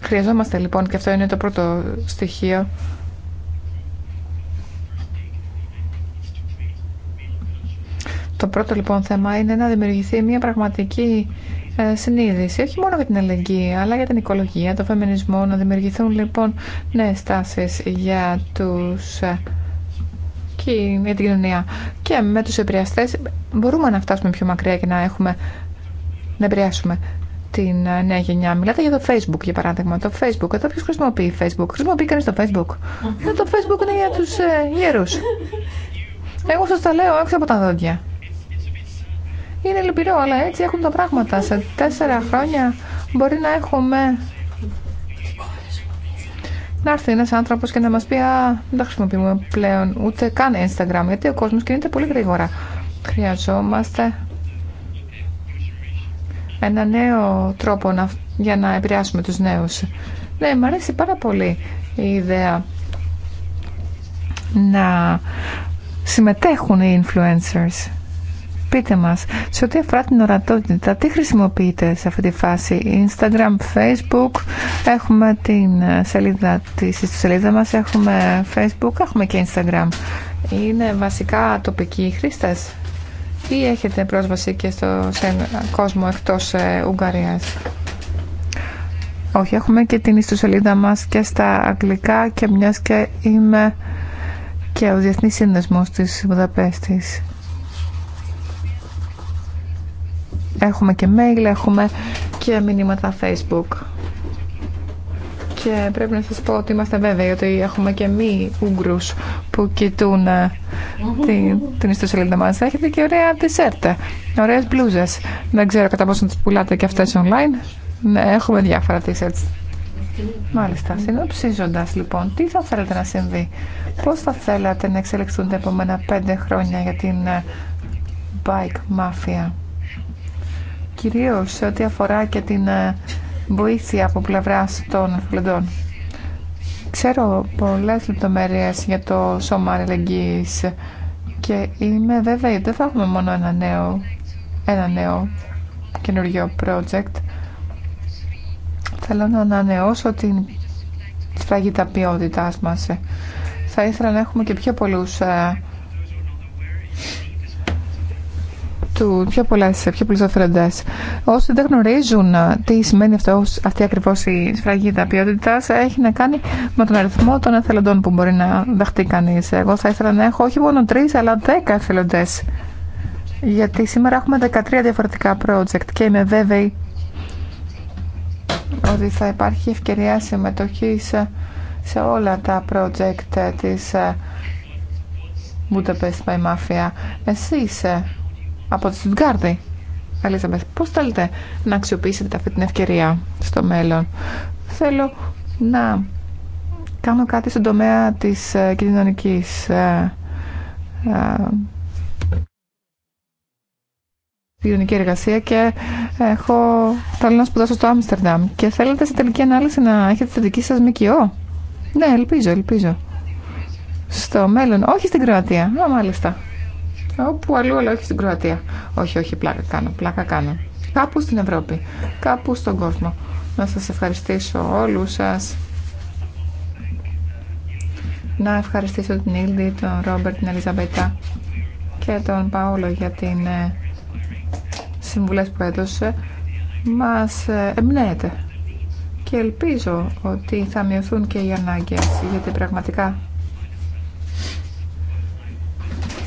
Χρειαζόμαστε λοιπόν, και αυτό είναι το πρώτο στοιχείο, Το πρώτο λοιπόν θέμα είναι να δημιουργηθεί μια πραγματική ε, συνείδηση, όχι μόνο για την αλληλεγγύη, αλλά για την οικολογία, το φεμινισμό, να δημιουργηθούν λοιπόν νέες τάσεις για τους ε, και για την κοινωνία και με τους επηρεαστέ μπορούμε να φτάσουμε πιο μακριά και να έχουμε να επηρεάσουμε την ε, νέα γενιά. Μιλάτε για το Facebook, για παράδειγμα. Το Facebook, εδώ ποιο χρησιμοποιεί Facebook. Χρησιμοποιεί κανεί το Facebook. Ε, το Facebook είναι για του ε, γέρου. Εγώ σα τα λέω έξω από τα δόντια. Είναι λυπηρό, αλλά έτσι έχουν τα πράγματα. Σε τέσσερα χρόνια μπορεί να έχουμε να έρθει ένα άνθρωπο και να μα πει Α, δεν τα χρησιμοποιούμε πλέον ούτε καν Instagram, γιατί ο κόσμο κινείται πολύ γρήγορα. Χρειαζόμαστε ένα νέο τρόπο να, για να επηρεάσουμε τους νέους. Ναι, μου αρέσει πάρα πολύ η ιδέα να συμμετέχουν οι influencers. Πείτε μας, σε ό,τι αφορά την ορατότητα, τι χρησιμοποιείτε σε αυτή τη φάση. Instagram, Facebook, έχουμε την ε, σελίδα, τη σελίδα μας, έχουμε Facebook, έχουμε και Instagram. Είναι βασικά τοπικοί χρήστες ή έχετε πρόσβαση και στο, σε κόσμο εκτός ε, Ουγγαρίας. Όχι, έχουμε και την ιστοσελίδα μας και στα αγγλικά και μιας και είμαι και ο Διεθνής Σύνδεσμος της Βουδαπέστης. Έχουμε και mail, έχουμε και μηνύματα facebook. Και πρέπει να σας πω ότι είμαστε βέβαιοι ότι έχουμε και μη Ούγγρους που κοιτούν ε, την, ιστοσελίδα μας. Έχετε και ωραία dessert, ε, ωραίες μπλούζες. Δεν ξέρω κατά πόσο τις πουλάτε και αυτές online. Ναι, έχουμε διάφορα Μάλιστα. Συνοψίζοντα λοιπόν, τι θα θέλετε να συμβεί, πώ θα θέλατε να εξελιχθούν τα επόμενα πέντε χρόνια για την ε, bike mafia κυρίως σε ό,τι αφορά και την ε, βοήθεια από πλευρά των εθελοντών. Ξέρω πολλές λεπτομέρειες για το σώμα αλληλεγγύης και είμαι βέβαιη δεν θα έχουμε μόνο ένα νέο, ένα νέο καινούργιο project. Θέλω να ανανεώσω την σφραγίδα ποιότητάς μας. Θα ήθελα να έχουμε και πιο πολλούς ε, του πιο σε πιο πολλούς αφαιρεντές. Όσοι δεν γνωρίζουν ε, τι σημαίνει αυτό, αυτή ακριβώ η σφραγίδα ποιότητα έχει να κάνει με τον αριθμό των εθελοντών που μπορεί να δεχτεί κανεί. Εγώ θα ήθελα να έχω όχι μόνο τρει αλλά δέκα εθελοντέ. Γιατί σήμερα έχουμε 13 διαφορετικά project και είμαι βέβαιη ότι θα υπάρχει ευκαιρία συμμετοχή σε όλα τα project της ε, Budapest by Mafia. Εσείς ε, από τη Στουτγκάρδη. Ελίζαμπεθ, πώ θέλετε να αξιοποιήσετε αυτή την ευκαιρία στο μέλλον. Θέλω να κάνω κάτι στον τομέα της ε, κοινωνικής ε, ε, κοινωνική εργασία και έχω, θέλω να σπουδάσω στο Άμστερνταμ. Και θέλετε σε τελική ανάλυση να έχετε τη δική σας ΜΚΟ. Ναι, ελπίζω, ελπίζω. Στο μέλλον, όχι στην Κροατία. Α, μάλιστα. Όπου αλλού, αλλά όχι στην Κροατία. Όχι, όχι, πλάκα κάνω, πλάκα κάνω. Κάπου στην Ευρώπη, κάπου στον κόσμο. Να σας ευχαριστήσω όλους σας. Να ευχαριστήσω την Ήλντι, τον Ρόμπερτ, την Ελιζαμπέτα και τον Παόλο για την ε, συμβουλές που έδωσε. Μας ε, εμπνέεται και ελπίζω ότι θα μειωθούν και οι ανάγκες γιατί πραγματικά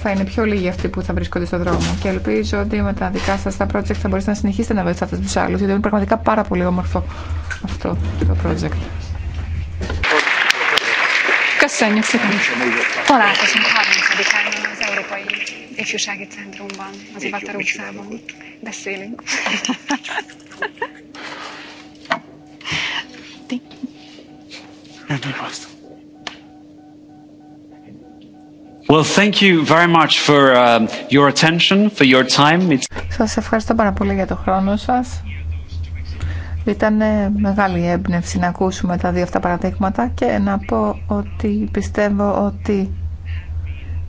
θα είναι πιο λίγοι αυτοί που θα βρίσκονται στο δρόμο. Και ελπίζω ότι με τα δικά σα τα project θα μπορέσετε να συνεχίσετε να βοηθάτε του άλλου, γιατί είναι πραγματικά πάρα πολύ όμορφο αυτό το project. Ευχαριστώ Well, Σας ευχαριστώ πάρα πολύ για το χρόνο σας. Ήταν μεγάλη έμπνευση να ακούσουμε τα δύο αυτά παραδείγματα και να πω ότι πιστεύω ότι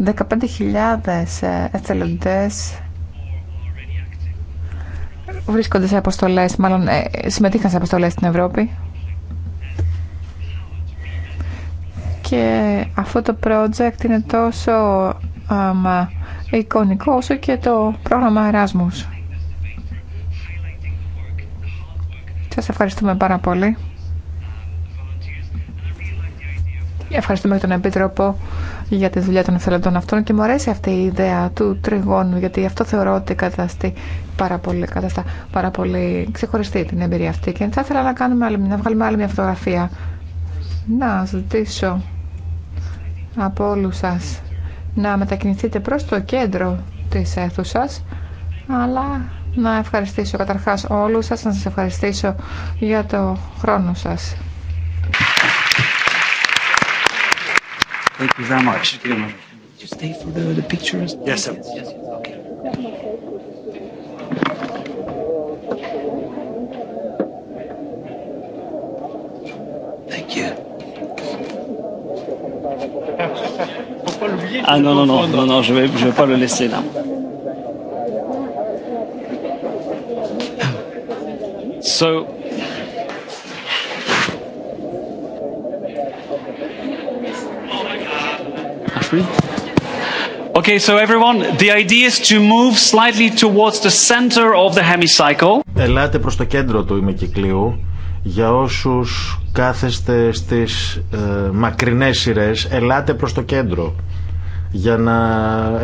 15.000 ε, εθελοντές βρίσκονται σε αποστολές, μάλλον ε, συμμετείχαν σε αποστολές στην Ευρώπη. και αυτό το project είναι τόσο εικονικό όσο και το πρόγραμμα Erasmus. Σας ευχαριστούμε πάρα πολύ. Ευχαριστούμε τον Επίτροπο για τη δουλειά των εθελοντών αυτών και μου αρέσει αυτή η ιδέα του τριγώνου γιατί αυτό θεωρώ ότι καταστεί πάρα πολύ, καταστά πάρα πολύ ξεχωριστή την εμπειρία αυτή και θα ήθελα να, κάνουμε να βγάλουμε άλλη μια φωτογραφία να ζητήσω από όλους σας να μετακινηθείτε προς το κέντρο της αίθουσας αλλά να ευχαριστήσω καταρχάς όλους σας, να σας ευχαριστήσω για το χρόνο σας. Thank you Ah non, non, non, non, non, je vais, je vais pas le laisser là. So, Okay, so everyone, the idea is to move slightly towards the center of the hemicycle. Ελάτε προς το κέντρο του ημικυκλίου για όσους κάθεστε στις ε, μακρινές σειρές, ελάτε προς το κέντρο για να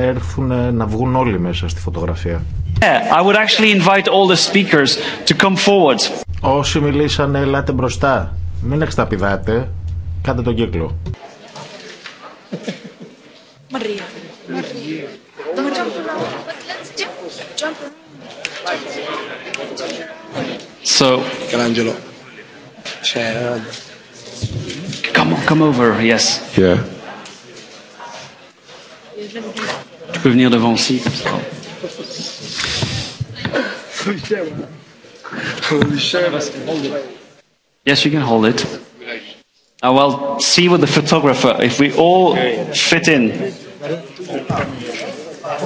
έρθουν να βγουν όλοι μέσα στη φωτογραφία. I would actually invite all the speakers to come forward. Όσοι μιλήσανε, ελάτε μπροστά. Μην εξταπηδάτε. Κάντε τον κύκλο. Come, come over, yes. Yeah. Tu peux venir devant aussi. Yes, you can hold it. I will see with the photographer if we all fit in.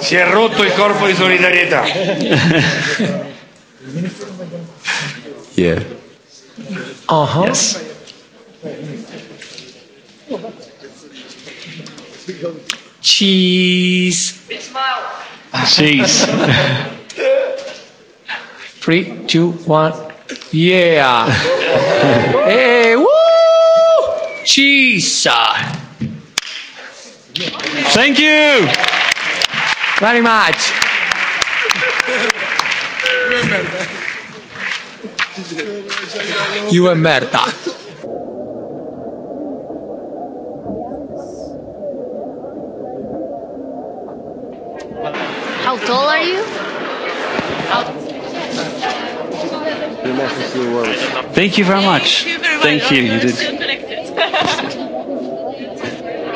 Si è rotto il corpo di solidarietà. Yeah. Uh Yes. cheese cheese three two one yeah hey woo cheese thank you very much remember You are merda. How tall are you? Thank you very much. Thank you. You did.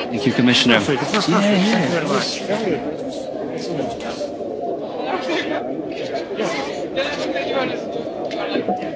Thank you, Commissioner. Yeah, yeah.